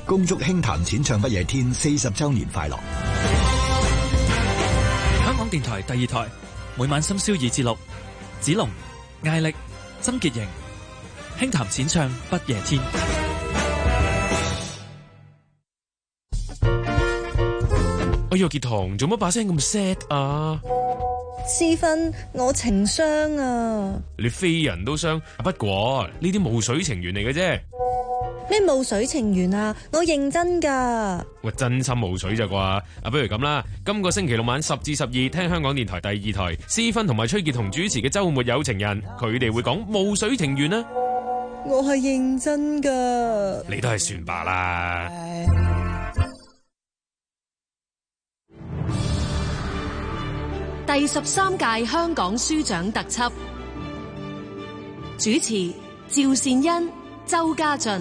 恭祝《輕談淺唱不夜天》四十周年快樂！香港電台第二台，每晚深宵二至六，子龍、艾力、曾潔瑩，《輕談淺唱不夜天》。哎呀，傑同做乜把聲咁 sad 啊？私分我情傷啊！你非人都傷，啊，不過呢啲冇水情緣嚟嘅啫。咩霧水情緣啊！我認真噶，喂，真心霧水咋啩！啊，不如咁啦，今個星期六晚十至十二，聽香港電台第二台，施芬同埋崔杰同主持嘅周末有情人，佢哋會講霧水情緣啊，我係認真噶，你都係算罷啦。是第十三屆香港書獎特輯，主持趙善恩、周家俊。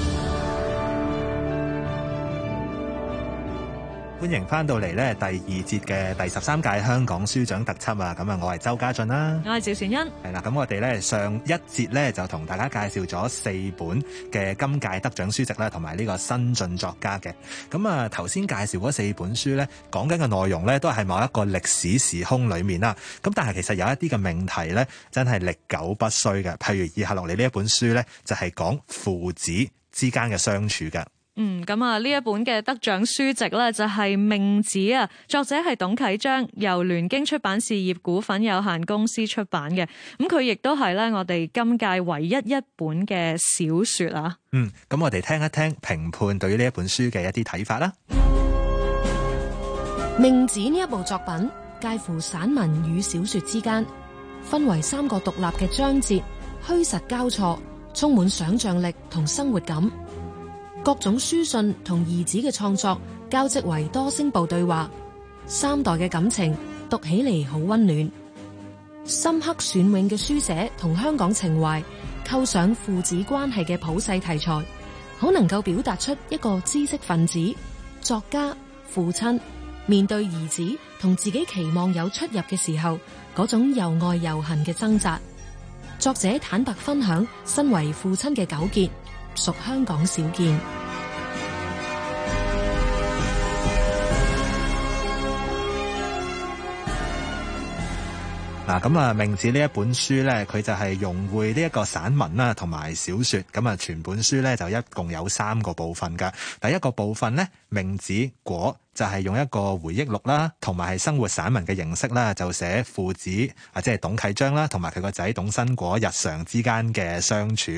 歡迎翻到嚟咧第二節嘅第十三屆香港書獎特輯啊！咁啊，我係周家俊啦，我係趙善恩。係啦，咁我哋咧上一節咧就同大家介紹咗四本嘅今屆得獎書籍啦，同埋呢個新晉作家嘅。咁啊頭先介紹嗰四本書咧，講緊嘅內容咧都係某一個歷史時空裏面啦。咁但係其實有一啲嘅命題咧，真係歷久不衰嘅。譬如以下落嚟呢一本書咧，就係講父子之間嘅相處嘅。嗯，咁啊，呢一本嘅得獎書籍呢，就係《命子》啊，作者係董啟章，由聯經出版事業股份有限公司出版嘅。咁佢亦都係呢我哋今屆唯一一本嘅小說啊。嗯，咁我哋聽一聽評判對於呢一本書嘅一啲睇法啦。《命子》呢一部作品介乎散文與小說之間，分為三個獨立嘅章節，虛實交錯，充滿想象力同生活感。各種書信同兒子嘅創作交織為多聲部對話，三代嘅感情讀起嚟好温暖。深刻雋永嘅書寫同香港情懷，構上父子關係嘅普世題材，好能夠表達出一個知識分子作家父親面對兒子同自己期望有出入嘅時候，嗰種又愛又恨嘅掙扎。作者坦白分享身為父親嘅糾結。屬香港少見。嗱，咁啊，命子呢一本書咧，佢就係融匯呢一個散文啦，同埋小說。咁啊，全本書咧就一共有三個部分噶。第一個部分咧，命子果。就係用一個回憶錄啦，同埋係生活散文嘅形式啦，就寫父子或者係董啟章啦，同埋佢個仔董新果日常之間嘅相處，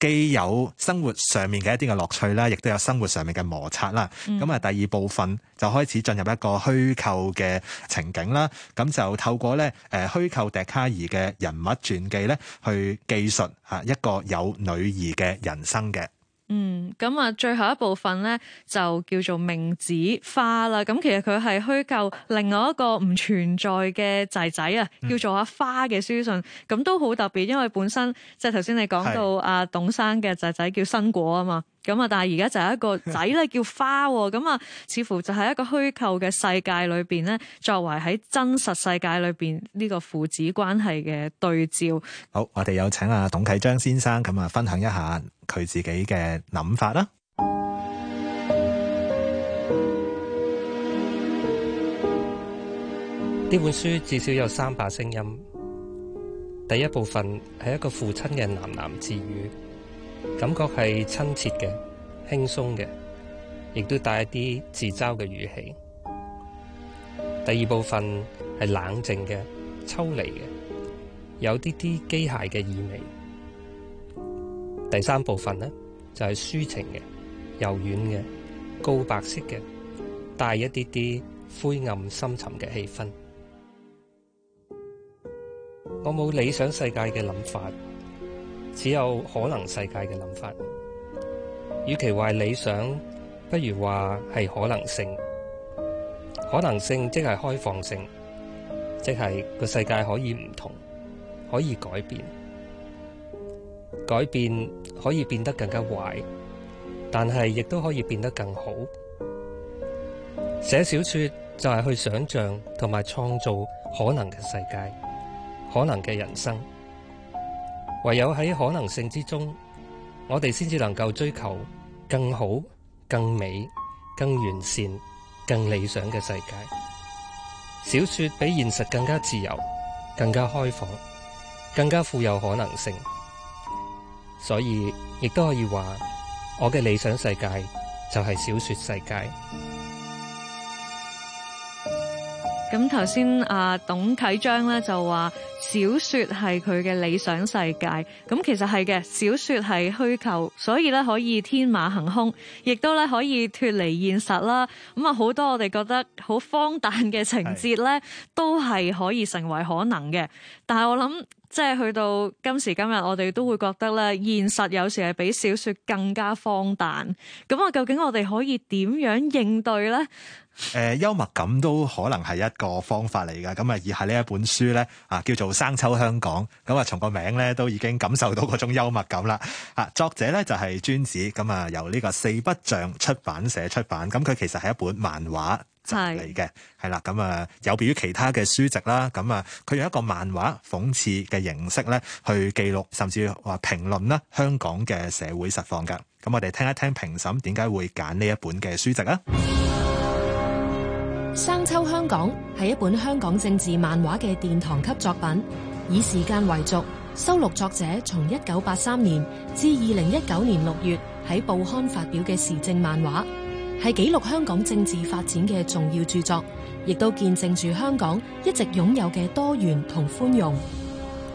既有生活上面嘅一啲嘅樂趣啦，亦都有生活上面嘅摩擦啦。咁啊、嗯，第二部分就開始進入一個虛構嘅情景啦。咁就透過咧誒虛構笛卡爾嘅人物傳記咧，去記述啊一個有女兒嘅人生嘅。嗯，咁啊，最後一部分咧就叫做明子花啦。咁其實佢係虛構另外一個唔存在嘅仔仔啊，叫做阿花嘅書信，咁都好特別，因為本身即係頭先你講到阿董生嘅仔仔叫新果啊嘛。咁啊！但係而家就係一個仔咧叫花，咁啊，似乎就係一個虛構嘅世界裏邊咧，作為喺真實世界裏邊呢個父子關係嘅對照。好，我哋有請阿董啟章先生咁啊，分享一下佢自己嘅諗法啦。呢本書至少有三把聲音，第一部分係一個父親嘅喃喃自語。感覺係親切嘅、輕鬆嘅，亦都帶一啲自嘲嘅語氣。第二部分係冷靜嘅、抽離嘅，有啲啲機械嘅意味。第三部分呢，就係抒情嘅、柔軟嘅、高白色嘅，帶一啲啲灰暗深沉嘅氣氛。我冇理想世界嘅諗法。只有可能世界嘅諗法，與其話理想，不如話係可能性。可能性即係開放性，即係個世界可以唔同，可以改變，改變可以變得更加壞，但係亦都可以變得更好。寫小說就係去想象同埋創造可能嘅世界，可能嘅人生。唯有喺可能性之中，我哋先至能夠追求更好、更美、更完善、更理想嘅世界。小說比現實更加自由、更加開放、更加富有可能性，所以亦都可以話，我嘅理想世界就係小說世界。咁頭先啊，董啟章咧就話小說係佢嘅理想世界，咁其實係嘅，小說係虛構，所以咧可以天馬行空，亦都咧可以脫離現實啦。咁啊，好多我哋覺得好荒誕嘅情節咧，都係可以成為可能嘅。是但係我諗，即係去到今時今日，我哋都會覺得咧，現實有時係比小說更加荒誕。咁啊，究竟我哋可以點樣應對呢？誒、呃，幽默感都可能係一個方法嚟噶。咁啊，而係呢一本書呢，啊，叫做《生抽香港》。咁啊，從個名呢，都已經感受到嗰種幽默感啦。吓，作者呢，就係尊子，咁啊，由呢個四不像出版社出版。咁佢其實係一本漫畫集嚟嘅，係啦是。咁啊，有別於其他嘅書籍啦。咁啊，佢用一個漫畫諷刺嘅形式呢，去記錄甚至話評論啦香港嘅社會實況。噶咁，我哋聽一聽評審點解會揀呢一本嘅書籍啊。《生秋香港》係一本香港政治漫畫嘅殿堂級作品，以時間為軸，收錄作者從1983年至2019年六月喺報刊發表嘅時政漫畫，係記錄香港政治發展嘅重要著作，亦都見證住香港一直擁有嘅多元同寬容。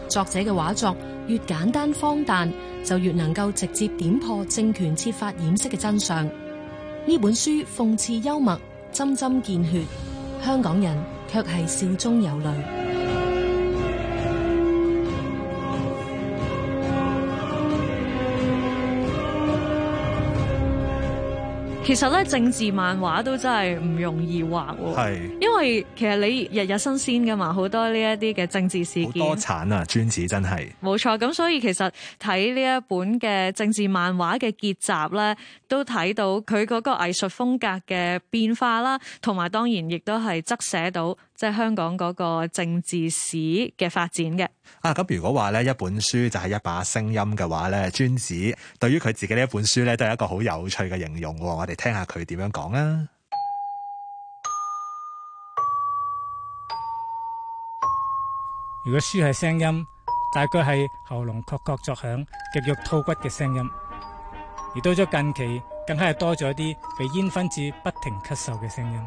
作者嘅畫作越簡單荒誕，就越能夠直接點破政權設法掩飾嘅真相。呢本書諷刺幽默，針針見血，香港人卻係笑中有淚。其實咧，政治漫畫都真係唔容易畫，係是，因為其實你日日新鮮噶嘛，好多呢一啲嘅政治事件，多產啊，尊子真係。冇錯，咁所以其實睇呢一本嘅政治漫畫嘅結集咧，都睇到佢嗰個藝術風格嘅變化啦，同埋當然亦都係側寫到。即係香港嗰個政治史嘅發展嘅。啊，咁如果話呢一本書就係一把聲音嘅話呢，專子對於佢自己呢一本書呢，都係一個好有趣嘅形容。我哋聽下佢點樣講啊！如果書係聲音，大概係喉嚨咯咯作響、夾肉吐骨嘅聲音。而到咗近期，更係多咗啲被煙熏至不停咳嗽嘅聲音。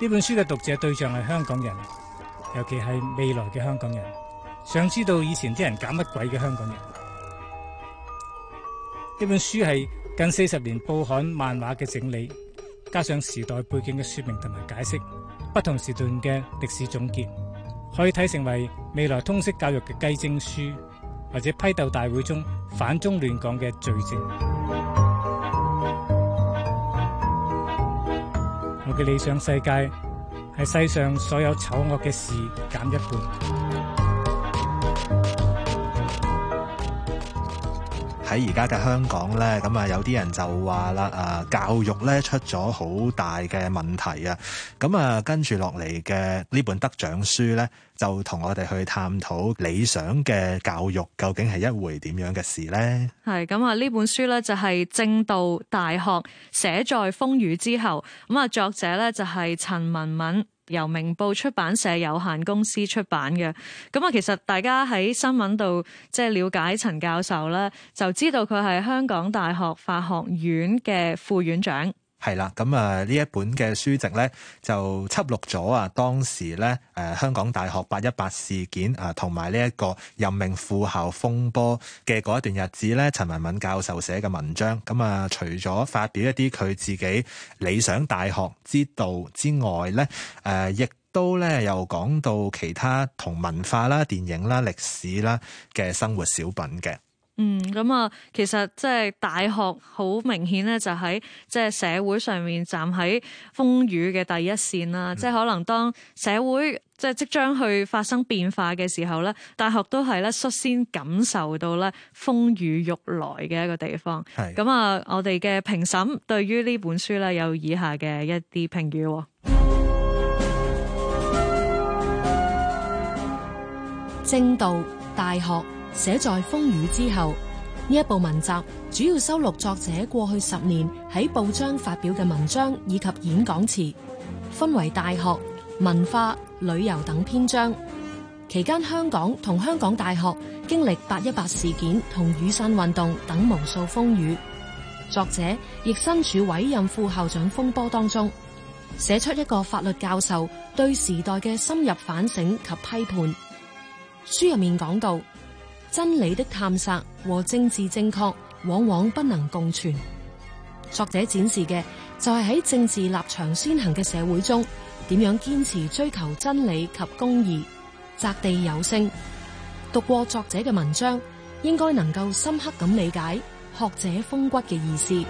呢本書嘅讀者對象係香港人，尤其係未來嘅香港人，想知道以前啲人搞乜鬼嘅香港人。呢本書係近四十年報刊漫畫嘅整理，加上時代背景嘅說明同埋解釋，不同時段嘅歷史總結，可以睇成為未來通識教育嘅雞精書，或者批鬥大會中反中亂港嘅罪證。我嘅理想世界係世上所有醜惡嘅事減一半。喺而家嘅香港咧，咁啊有啲人就話啦，誒教育咧出咗好大嘅問題啊！咁啊跟住落嚟嘅呢本得獎書咧，就同我哋去探討理想嘅教育究竟係一回點樣嘅事咧？係咁啊，呢本書咧就係《正道大學寫在風雨之後》，咁啊作者咧就係陳文敏，由明報出版社有限公司出版嘅，咁啊，其實大家喺新聞度即係了解陳教授啦，就知道佢係香港大學法學院嘅副院長。係啦，咁啊呢一本嘅書籍咧，就輯錄咗啊當時咧，誒香港大學八一八事件啊，同埋呢一個任命副校風波嘅嗰一段日子咧，陳文敏教授寫嘅文章。咁啊，除咗發表一啲佢自己理想大學之道之外咧，誒亦都咧又講到其他同文化啦、電影啦、歷史啦嘅生活小品嘅。嗯，咁啊，其實即係大學好明顯咧，就喺即係社會上面站喺風雨嘅第一線啦。即係、嗯、可能當社會即係即將去發生變化嘅時候咧，大學都係咧率先感受到咧風雨欲來嘅一個地方。係。咁啊，我哋嘅評審對於呢本書咧有以下嘅一啲評語，精道大學。寫在風雨之後呢一部文集，主要收錄作者過去十年喺報章發表嘅文章以及演講詞，分為大學、文化、旅遊等篇章。期間，香港同香港大學經歷八一八事件同雨傘運動等無數風雨，作者亦身處委任副校長風波當中，寫出一個法律教授對時代嘅深入反省及批判。書入面講到。真理的探索和政治正確往往不能共存。作者展示嘅就係、是、喺政治立場先行嘅社會中，點樣堅持追求真理及公義，擲地有聲。讀過作者嘅文章，應該能夠深刻咁理解學者風骨嘅意思。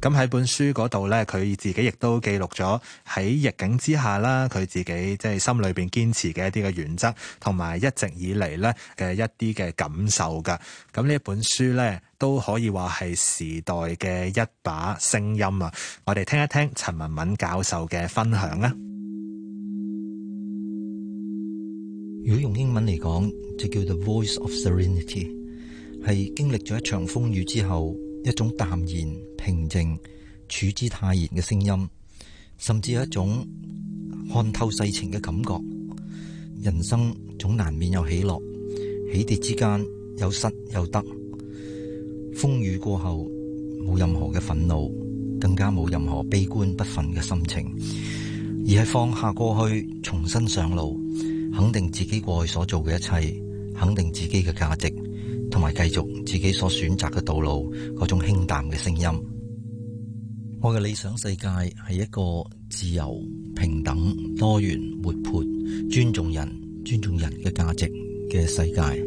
咁喺本書嗰度咧，佢自己亦都記錄咗喺逆境之下啦，佢自己即係心裏面堅持嘅一啲嘅原則，同埋一直以嚟咧嘅一啲嘅感受噶。咁呢一本書咧都可以話係時代嘅一把聲音啊！我哋聽一聽陳文敏教授嘅分享啊！如果用英文嚟講，就叫做《Voice of Serenity》，係經歷咗一場風雨之後。一種淡然平靜，處之泰然嘅聲音，甚至有一種看透世情嘅感覺。人生總難免有起落，起跌之間有失有得。風雨過後，冇任何嘅憤怒，更加冇任何悲觀不忿嘅心情，而係放下過去，重新上路，肯定自己過去所做嘅一切，肯定自己嘅價值。同埋繼續自己所選擇嘅道路嗰種輕淡嘅聲音。我嘅理想世界係一個自由、平等、多元、活潑、尊重人、尊重人嘅價值嘅世界。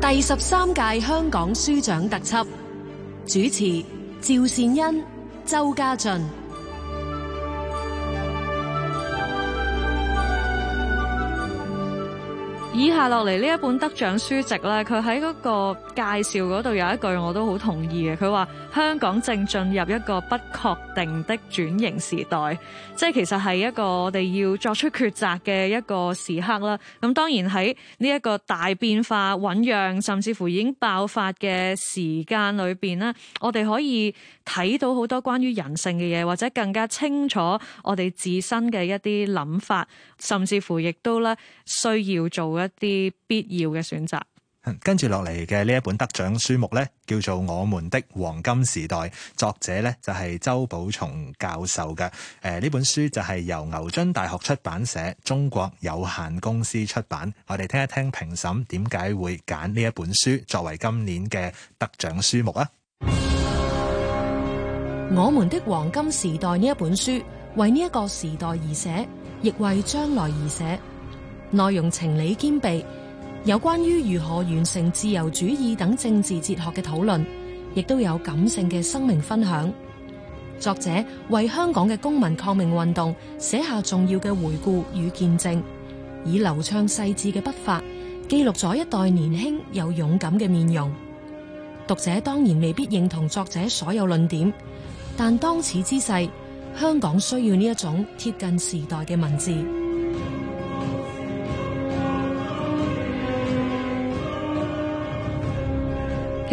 第十三屆香港書獎特輯主持：趙善恩、周家俊。以下落嚟呢一本得獎書籍咧，佢喺個介紹度有一句我都好同意嘅，佢話香港正進入一個不確定的轉型時代，即係其實係一個我哋要作出抉擇嘅一個時刻啦。咁當然喺呢一個大變化、醞釀甚至乎已經爆發嘅時間裏邊咧，我哋可以睇到好多關於人性嘅嘢，或者更加清楚我哋自身嘅一啲諗法，甚至乎亦都咧需要做嘅。一啲必要嘅選擇。跟住落嚟嘅呢一本得獎書目咧，叫做《我們的黃金時代》，作者咧就係周保松教授嘅。誒、呃，呢本書就係由牛津大學出版社中國有限公司出版。我哋聽一聽評審點解會揀呢一本書作為今年嘅得獎書目啊！《我們的黃金時代》呢一本書為呢一個時代而寫，亦為將來而寫。內容情理兼備，有關於如何完成自由主義等政治哲學嘅討論，亦都有感性嘅生命分享。作者為香港嘅公民抗命運動寫下重要嘅回顧與見證，以流暢細緻嘅筆法記錄咗一代年輕又勇敢嘅面容。讀者當然未必認同作者所有論點，但當此之勢，香港需要呢一種貼近時代嘅文字。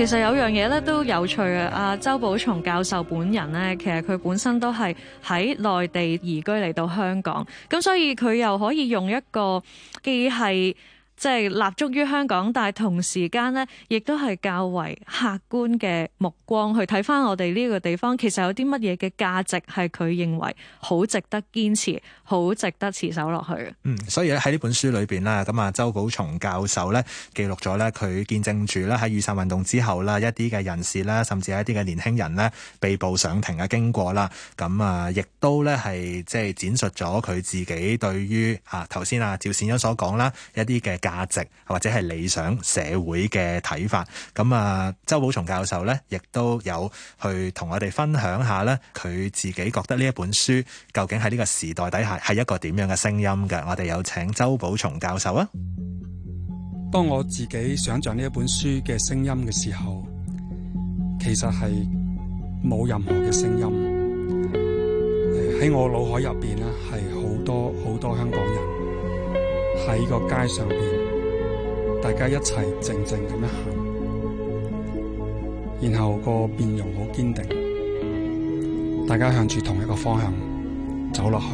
其實有樣嘢咧都有趣啊。阿周保松教授本人咧，其實佢本身都係喺內地移居嚟到香港，咁所以佢又可以用一個既係，即係立足於香港，但係同時間呢，亦都係較為客觀嘅目光去睇翻我哋呢個地方，其實有啲乜嘢嘅價值係佢認為好值得堅持、好值得持守落去嘅。嗯，所以咧喺呢本書裏邊啦，咁啊周寶松教授呢記錄咗呢佢見證住咧喺雨傘運動之後啦，一啲嘅人士啦，甚至係一啲嘅年輕人呢被捕上庭嘅經過啦，咁啊亦都呢係即係展述咗佢自己對於啊頭先啊趙善恩所講啦一啲嘅。價值或者係理想社會嘅睇法，咁啊，周寶松教授呢，亦都有去同我哋分享一下呢，佢自己覺得呢一本書究竟喺呢個時代底下係一個點樣嘅聲音嘅。我哋有請周寶松教授啊。當我自己想象呢一本書嘅聲音嘅時候，其實係冇任何嘅聲音，喺我腦海入邊呢係好多好多香港人喺個街上邊。大家一齊靜靜樣咁行，然後個面容好堅定，大家向住同一個方向走落去。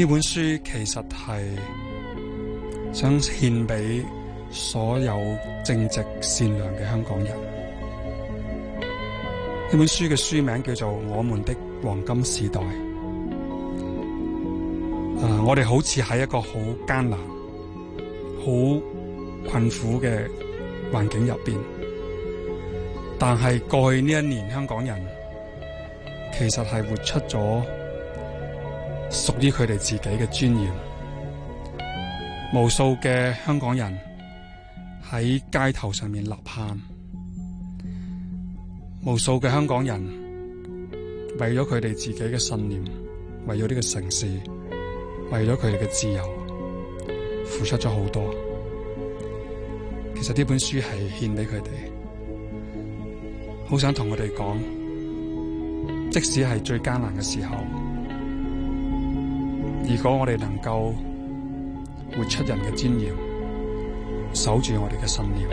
呢本書其實係想獻俾所有正直善良嘅香港人。呢本書嘅書名叫做《我們的黃金時代》。啊，我哋好似喺一個好艱難。好困苦嘅環境入邊，但係過去呢一年，香港人其實係活出咗屬於佢哋自己嘅尊嚴。無數嘅香港人喺街頭上面吶喊，無數嘅香港人為咗佢哋自己嘅信念，為咗呢個城市，為咗佢哋嘅自由。付出咗好多，其實呢本書係獻俾佢哋，好想同我哋講，即使係最艱難嘅時候，如果我哋能夠活出人嘅尊嚴，守住我哋嘅信念，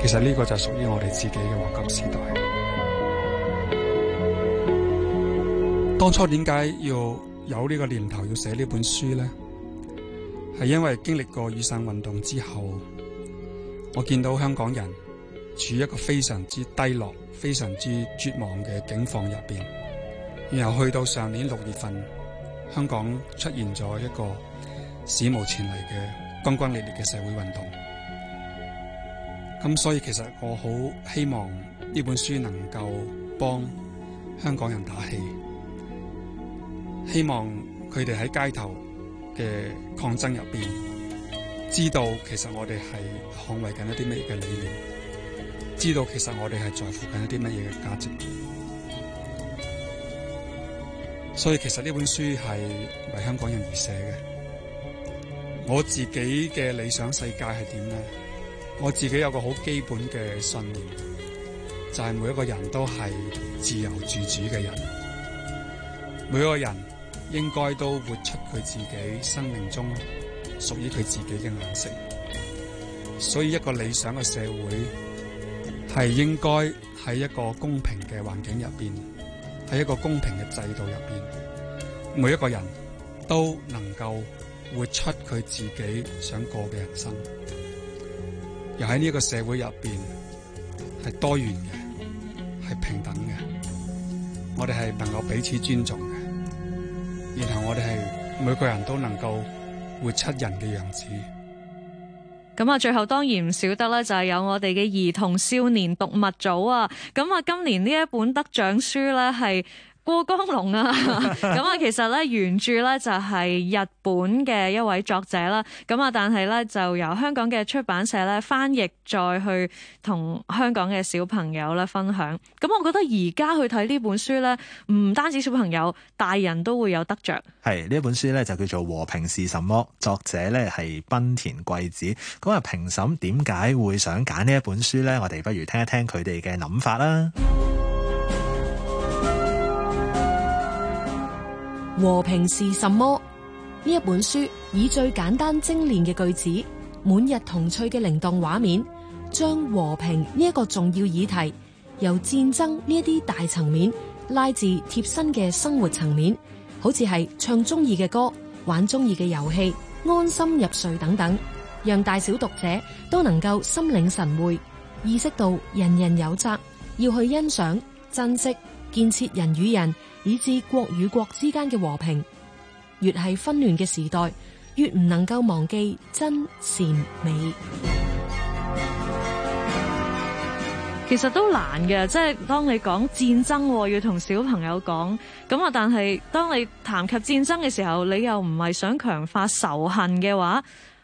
其實呢個就屬於我哋自己嘅黃金時代。當初點解要有呢個念頭要寫呢本書呢？係因為經歷過雨傘運動之後，我見到香港人處於一個非常之低落、非常之絕望嘅境況入邊，然後去到上年六月份，香港出現咗一個史無前例嘅轟轟烈烈嘅社會運動。咁所以其實我好希望呢本書能夠幫香港人打氣，希望佢哋喺街頭。嘅抗爭入面，知道其實我哋係捍衛緊一啲乜嘢嘅理念，知道其實我哋係在乎緊一啲乜嘢嘅價值。所以其實呢本書係為香港人而寫嘅。我自己嘅理想世界係點呢？我自己有個好基本嘅信念，就係每一個人都係自由自主嘅人，每一個人。應該都活出佢自己生命中屬於佢自己嘅顏色，所以一個理想嘅社會係應該喺一個公平嘅環境入邊，喺一個公平嘅制度入邊，每一個人都能夠活出佢自己想過嘅人生，又喺呢個社會入邊係多元嘅，係平等嘅，我哋係能夠彼此尊重。然後我哋係每個人都能夠活出人嘅樣子。咁啊，最後當然唔少得咧，就係、是、有我哋嘅兒童少年讀物組啊。咁啊，今年呢一本得獎書咧係，是《過江龍》啊，咁啊，其實咧原著咧就係日本嘅一位作者啦，咁啊，但係咧就由香港嘅出版社咧翻譯再去同香港嘅小朋友咧分享。咁我覺得而家去睇呢本書咧，唔單止小朋友大人都會有得着。係呢一本書咧就叫做《和平是什麼》，作者咧係濱田桂子。咁啊，評審點解會想揀呢一本書咧？我哋不如聽一聽佢哋嘅諗法啦。和平是什麼？呢一本書以最簡單精煉嘅句子，滿日童趣嘅靈動畫面，將和平呢一個重要議題，由戰爭呢一啲大層面拉至貼身嘅生活層面，好似係唱中意嘅歌、玩中意嘅遊戲、安心入睡等等，讓大小讀者都能夠心領神會，意識到人人有責，要去欣賞、珍惜、建設人與人，以至國與國之間嘅和平，越係紛亂嘅時代，越唔能夠忘記真善美。其實都難㗎，即係當你講戰爭，要同小朋友講咁啊，但係當你談及戰爭嘅時候，你又唔係想強化仇恨嘅話。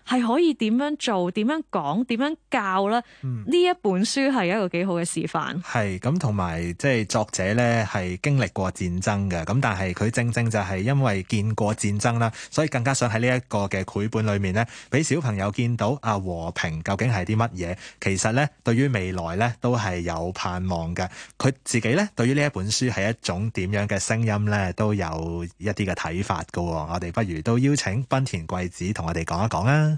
係可以點樣做、點樣講、點樣教呢？呢、嗯、一本書係一個幾好嘅示範。係咁，同埋即係作者呢係經歷過戰爭嘅，咁但係佢正正就係因為見過戰爭啦，所以更加想喺呢一個嘅繪本裡面呢，俾小朋友見到啊和平究竟係啲乜嘢。其實呢，對於未來呢都係有盼望嘅。佢自己呢對於呢一本書係一種點樣嘅聲音呢，都有一啲嘅睇法喎。我哋不如都邀請濱田貴子同我哋講一講啊！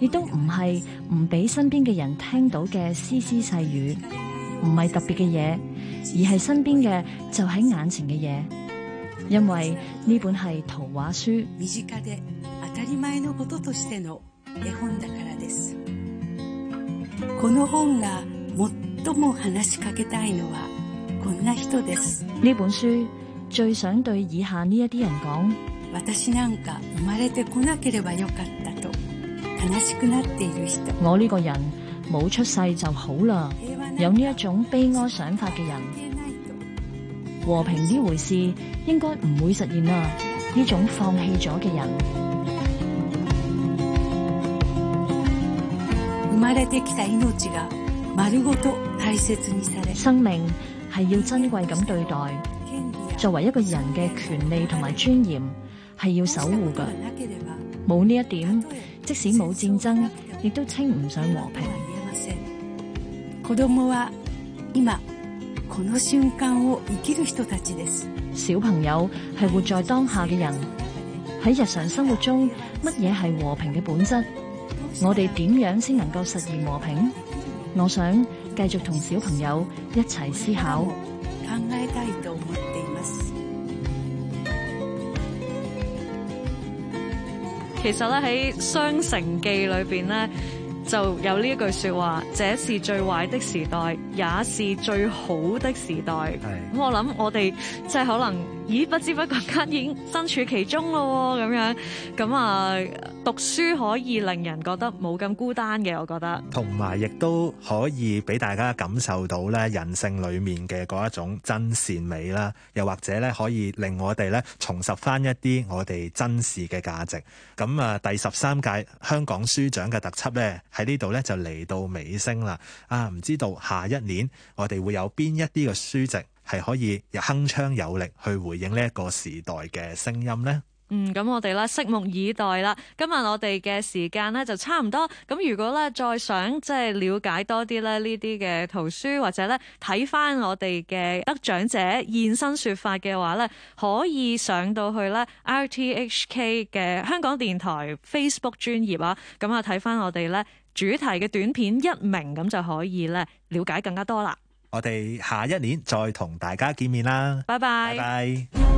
亦都唔係唔俾身邊嘅人聽到嘅絲絲細語，唔係特別嘅嘢，而係身邊嘅就喺眼前嘅嘢。因為呢本係圖畫書。呢本書最想對以下呢一啲人講。我呢個人冇出世就好啦。有呢一種悲哀想法嘅人，和平呢回事應該唔會實現啦。呢種放棄咗嘅人，生命係要珍貴咁對待。作為一個人嘅權利同埋尊嚴係要守護㗎，冇呢一點。即使冇戰爭，亦都稱唔上和平。子瞬人小朋友係活在當下嘅人，喺日常生活中，乜嘢係和平嘅本質？我哋點樣先能夠實現和平？我想繼續同小朋友一齊思考。其實咧喺《雙城記》裏邊咧就有呢一句説話，這是最壞的時代，也是最好的時代。咁對我諗我哋即係可能，咦，不知不覺間已經身處其中咯咁樣咁啊。讀書可以令人覺得冇咁孤單嘅，我覺得。同埋亦都可以俾大家感受到咧人性裏面嘅嗰一種真善美啦，又或者咧可以令我哋咧重拾翻一啲我哋真實嘅價值。咁啊，第十三屆香港書獎嘅特輯咧喺呢度咧就嚟到尾聲啦。啊，唔知道下一年我哋會有邊一啲嘅書籍係可以鏗鏘有力去回應呢一個時代嘅聲音呢？嗯，咁我哋啦，拭目以待啦。今日我哋嘅時間呢，就差唔多。咁如果咧再想即係了解多啲咧呢啲嘅圖書，或者咧睇翻我哋嘅得獎者現身說法嘅話呢，可以上到去呢 RTHK 嘅香港電台 Facebook 專頁啊。咁啊睇翻我哋呢主題嘅短片一名，咁就可以呢了解更加多啦。我哋下一年再同大家見面啦。拜拜 bye。Bye bye